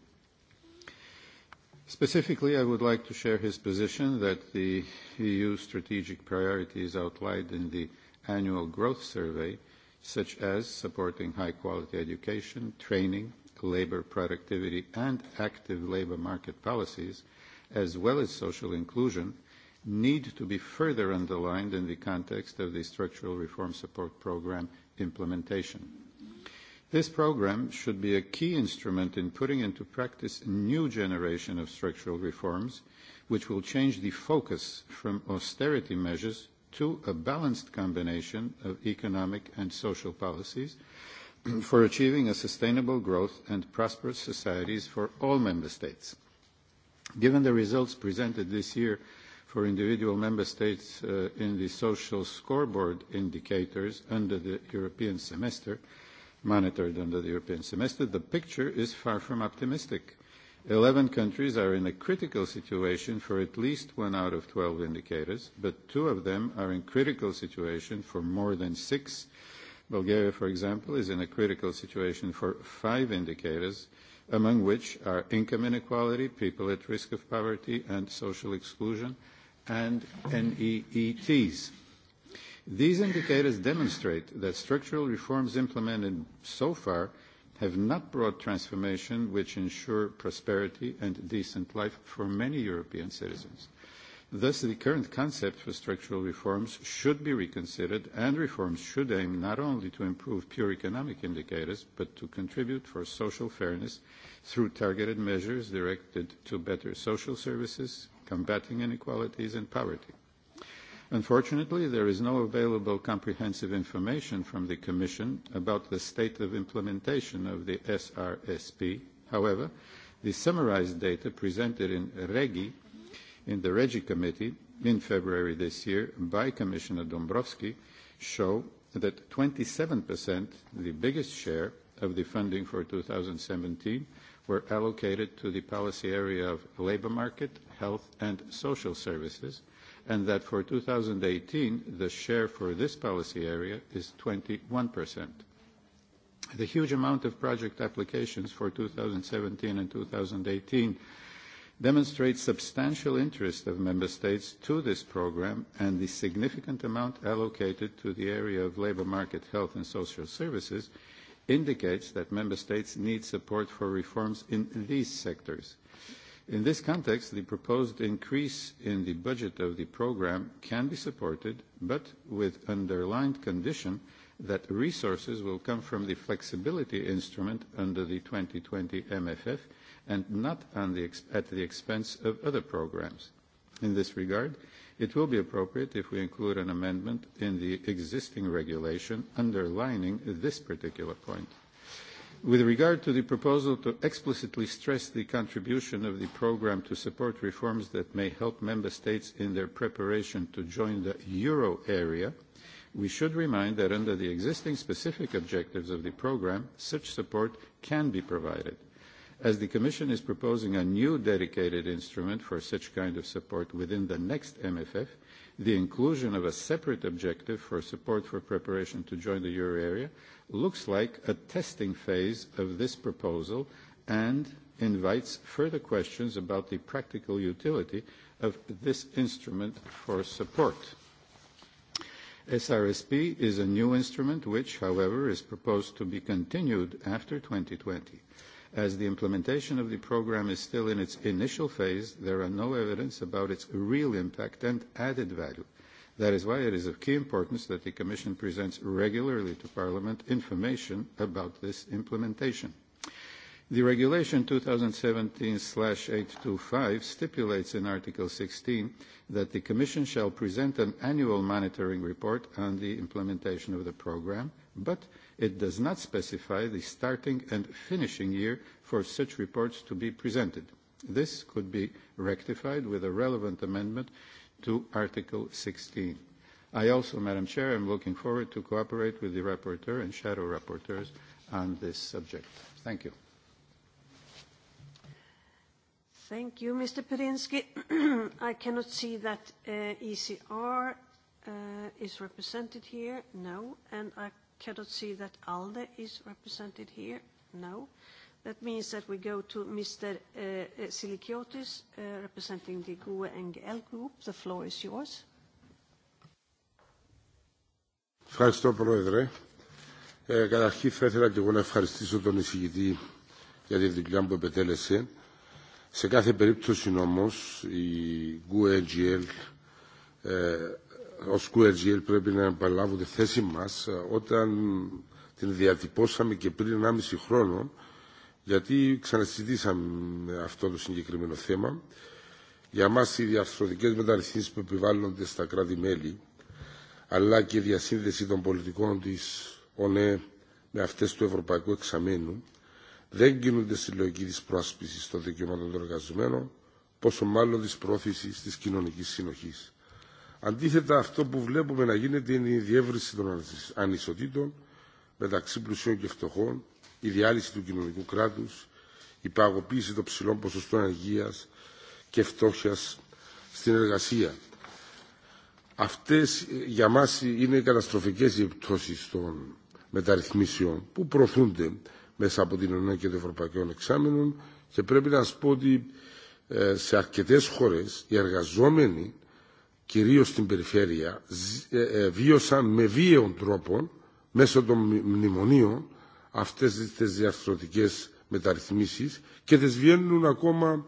Specifically, I would like to share his position that the EU strategic priorities outlined in the annual growth survey, such as supporting high-quality education, training, labor productivity, and active labor market policies, as well as social inclusion – need to be further underlined in the context of the Structural Reform Support Programme implementation. This programme should be a key instrument in putting into practice a new generation of structural reforms, which will change the focus from austerity measures to a balanced combination of economic and social policies <clears throat> for achieving a sustainable growth and prosperous societies for all member states. Given the results presented this year for individual member states uh, in the social scoreboard indicators under the European semester, monitored under the European semester, the picture is far from optimistic. Eleven countries are in a critical situation for at least one out of twelve indicators, but two of them are in critical situation for more than six. Bulgaria, for example, is in a critical situation for five indicators, among which are income inequality, people at risk of poverty, and social exclusion, and NEETs. These indicators demonstrate that structural reforms implemented so far have not brought transformation which ensure prosperity and decent life for many European citizens. Thus, the current concept for structural reforms should be reconsidered, and reforms should aim not only to improve pure economic indicators, but to contribute for social fairness through targeted measures directed to better social services, combating inequalities and poverty. Unfortunately, there is no available comprehensive information from the Commission about the state of implementation of the SRSP. However, the summarised data presented in REGI, in the REGI committee in February this year by Commissioner Dombrovskis show that 27%, the biggest share of the funding for seventeen, were allocated to the policy area of labour market, health and social services, and that for eighteen the share for this policy area is twenty 21%. The huge amount of project applications for seventeen and eighteen demonstrates substantial interest of member states to this programme and the significant amount allocated to the area of labour market health and social services indicates that member states need support for reforms in these sectors. In this context, the proposed increase in the budget of the programme can be supported, but with underlined condition that resources will come from the flexibility instrument under the 2020 MFF and not on the ex at the expense of other programmes. In this regard, it will be appropriate if we include an amendment in the existing regulation underlining this particular point. With regard to the proposal to explicitly stress the contribution of the programme to support reforms that may help member states in their preparation to join the euro area, we should remind that under the existing specific objectives of the programme, such support can be provided. As the Commission is proposing a new dedicated instrument for such kind of support within the next MFF, the inclusion of a separate objective for support for preparation to join the euro area looks like a testing phase of this proposal and invites further questions about the practical utility of this instrument for support. SRSP is a new instrument which, however, is proposed to be continued after twenty. As the implementation of the programme is still in its initial phase, there are no evidence about its real impact and added value. That is why it is of key importance that the Commission presents regularly to Parliament information about this implementation. The Regulation 2017/825 stipulates in Article 16 that the Commission shall present an annual monitoring report on the implementation of the program, but it does not specify the starting and finishing year for such reports to be presented. This could be rectified with a relevant amendment to Article 16. I also, Madam Chair, am looking forward to cooperate with the rapporteur and shadow rapporteurs on this subject. Thank you. Thank you, Mr. Perinsky. <clears throat> I cannot see that uh, ECR uh, is represented here. No. And I cannot see that ALDE is represented here. No. Uh, That means that we go to Mr. representing the GUE NGL Group. The floor is yours. Ευχαριστώ, Πρόεδρε. καταρχήν θα ήθελα και εγώ να ευχαριστήσω τον εισηγητή για τη δουλειά που επετέλεσε. Σε κάθε περίπτωση όμως η GUE-NGL ε, ως GUE-NGL πρέπει να επαναλάβουν τη θέση μας όταν την διατυπώσαμε και πριν 1,5 χρόνο γιατί ξανασυζητήσαμε αυτό το συγκεκριμένο θέμα. Για μας οι διαρθρωτικές μεταρρυθμίσεις που επιβάλλονται στα κράτη-μέλη αλλά και η διασύνδεση των πολιτικών της ΟΝΕ με αυτές του Ευρωπαϊκού Εξαμένου δεν κινούνται στη λογική της πρόσπισης των δικαιωμάτων των εργαζομένων, πόσο μάλλον της πρόθεσης της κοινωνικής συνοχής. Αντίθετα, αυτό που βλέπουμε να γίνεται είναι η διεύρυνση των ανισοτήτων μεταξύ πλουσιών και φτωχών, η διάλυση του κοινωνικού κράτους, η παγωποίηση των ψηλών ποσοστών ανεργίας και φτώχειας στην εργασία. Αυτές για μας είναι οι καταστροφικές επιπτώσεις των μεταρρυθμίσεων που προωθούνται μέσα από την ΕΝΕ και των Ευρωπαϊκών Εξάμενων και πρέπει να σας πω ότι σε αρκετές χώρες οι εργαζόμενοι κυρίως στην περιφέρεια βίωσαν με βίαιον τρόπο μέσω των μνημονίων αυτές τις διαρθρωτικές μεταρρυθμίσεις και τις βγαίνουν ακόμα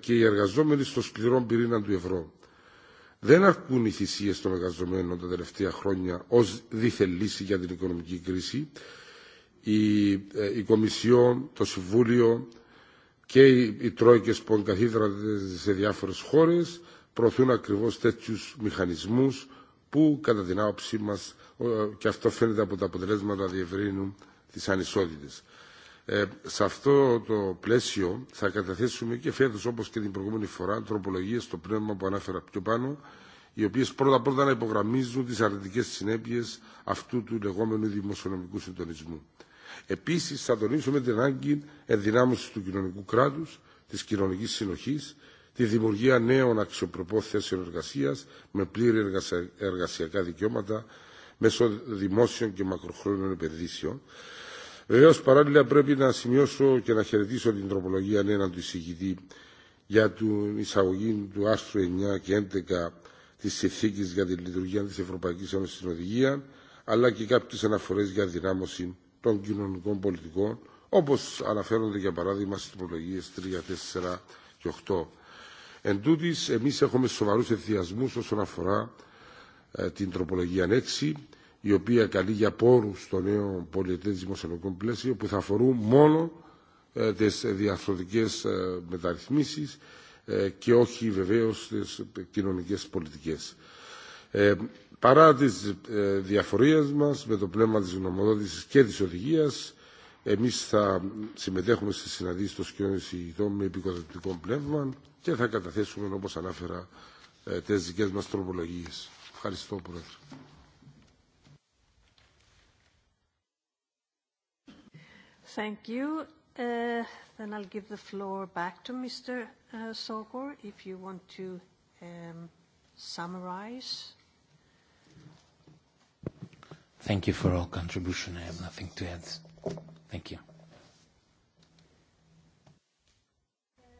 και οι εργαζόμενοι στο σκληρό πυρήνα του ευρώ. Δεν αρκούν οι θυσίε των εργαζομένων τα τελευταία χρόνια ω δίθεν λύση για την οικονομική κρίση. Η, η Κομισιόν, το Συμβούλιο και οι, οι τρόικε που εγκαθίδρανται σε διάφορε χώρε προωθούν ακριβώ τέτοιου μηχανισμού που κατά την άποψή μα και αυτό φαίνεται από τα αποτελέσματα διευρύνουν τι ανισότητες. Ε, σε αυτό το πλαίσιο θα καταθέσουμε και φέτος όπως και την προηγούμενη φορά τροπολογίες στο πνεύμα που ανάφερα πιο πάνω οι οποίες πρώτα πρώτα να υπογραμμίζουν τις αρνητικές συνέπειες αυτού του λεγόμενου δημοσιονομικού συντονισμού. Επίσης θα τονίσουμε την ανάγκη ενδυνάμωσης του κοινωνικού κράτους, της κοινωνικής συνοχής, τη δημιουργία νέων αξιοπρεπών θέσεων εργασίας με πλήρη εργασιακά δικαιώματα μέσω δημόσιων και μακροχρόνιων επενδύσεων. Βεβαίω, παράλληλα, πρέπει να σημειώσω και να χαιρετήσω την τροπολογία 1 του εισηγητή για την εισαγωγή του άρθρου 9 και 11 τη συνθήκη για τη λειτουργία τη Ευρωπαϊκή Ένωση στην Οδηγία, αλλά και κάποιε αναφορέ για δυνάμωση των κοινωνικών πολιτικών, όπω αναφέρονται για παράδειγμα στι τροπολογίε 3, 4 και 8. Εν τούτης, εμείς έχουμε σοβαρούς ευθυασμούς όσον αφορά την τροπολογία 6, η οποία καλεί για πόρους στο νέο πολιετές δημοσιονομικό πλαίσιο που θα αφορούν μόνο τις διαρθρωτικές μεταρρυθμίσεις και όχι βεβαίως τις κοινωνικές πολιτικές. Παρά τις διαφορίες μας με το πνεύμα της γνωμοδότησης και της οδηγίας, εμείς θα συμμετέχουμε στις συναντήσεις των σκηνών εισηγητών με επικοδοτικό πνεύμα και θα καταθέσουμε, όπως ανάφερα, τις δικές μας τροπολογίες. Ευχαριστώ, Πρόεδρε. Thank you. Uh, then I'll give the floor back to Mr. Uh, Sogor if you want to um, summarize. Thank you for all contribution. I have nothing to add. Thank you.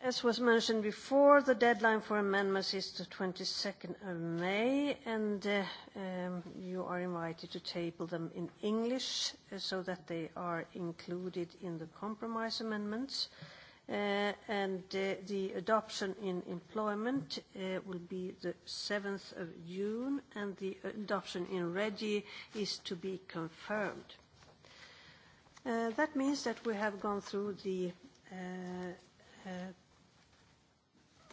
As was mentioned before, the deadline for amendments is the 22nd of May, and uh, um, you are invited to table them in English uh, so that they are included in the compromise amendments. Uh, and uh, The adoption in employment uh, will be the 7th of June, and the adoption in REGI is to be confirmed. Uh, that means that we have gone through the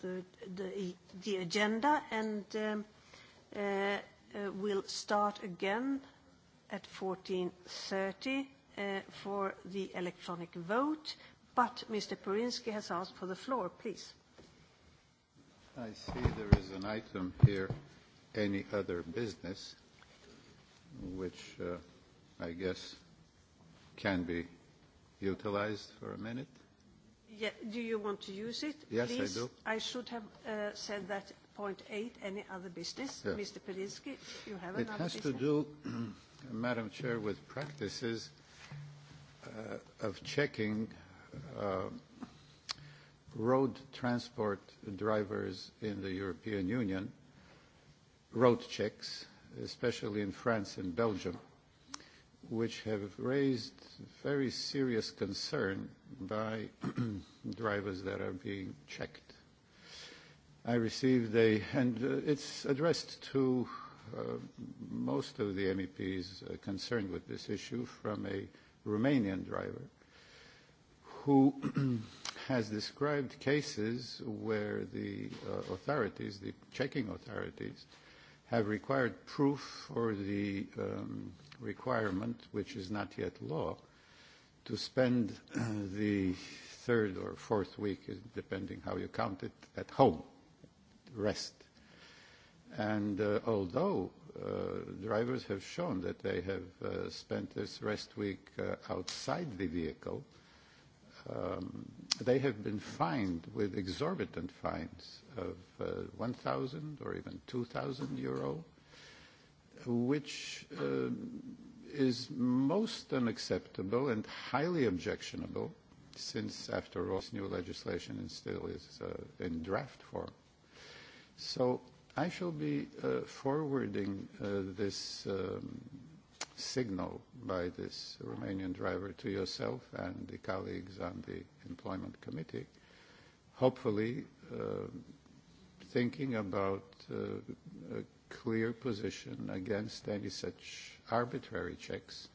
the, the, the agenda, and um, uh, uh, we'll start again at 2:30 uh, for the electronic vote. But Mr. Purinski has asked for the floor. Please. I see there is an item here, any other business, which uh, I guess can be utilized for a minute. Yeah, do you want to use it? Yes, Please, I do. I should have uh, said that point eight, any other business. Yeah. Mr. Pedinsky, you have it another business? It has to do, <clears throat> Madam Chair, with practices uh, of checking uh, road transport drivers in the European Union, road checks, especially in France and Belgium which have raised very serious concern by <clears throat> drivers that are being checked. I received a, and uh, it's addressed to uh, most of the MEPs uh, concerned with this issue from a Romanian driver who <clears throat> has described cases where the uh, authorities, the checking authorities, have required proof for the um, requirement, which is not yet law, to spend uh, the third or fourth week, depending how you count it, at home, rest. And uh, although uh, drivers have shown that they have uh, spent this rest week uh, outside the vehicle, uh, um, they have been fined with exorbitant fines of uh, 1,000 or even 2,000 euro, which um, is most unacceptable and highly objectionable, since, after all, this new legislation is still is uh, in draft form. So I shall be uh, forwarding uh, this. Um, signal by this Romanian driver to yourself and the colleagues on the employment committee, hopefully uh, thinking about uh, a clear position against any such arbitrary checks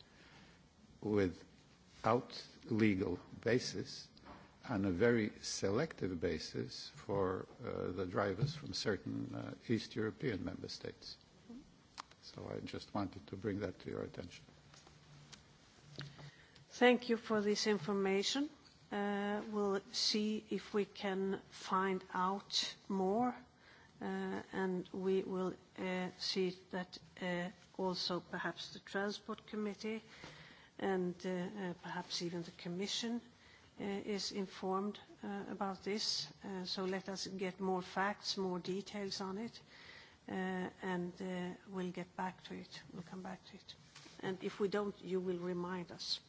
without legal basis on a very selective basis for uh, the drivers from certain uh, East European member states. So I just wanted to bring that to your attention. Thank you for this information. Uh, we'll see if we can find out more, uh, and we will uh, see that uh, also perhaps the Transport Committee and uh, uh, perhaps even the Commission is informed about this. So let us get more facts, more details on it uh, and uh, we'll get back to it. We'll come back to it. And if we don't, you will remind us.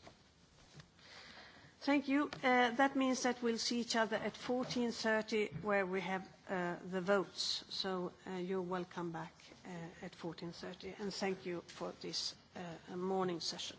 Thank you. Uh, that means that we'll see each other at 14:30, where we have uh, the votes. So, uh, you're welcome back uh, at 14:30, and thank you for this uh, morning session.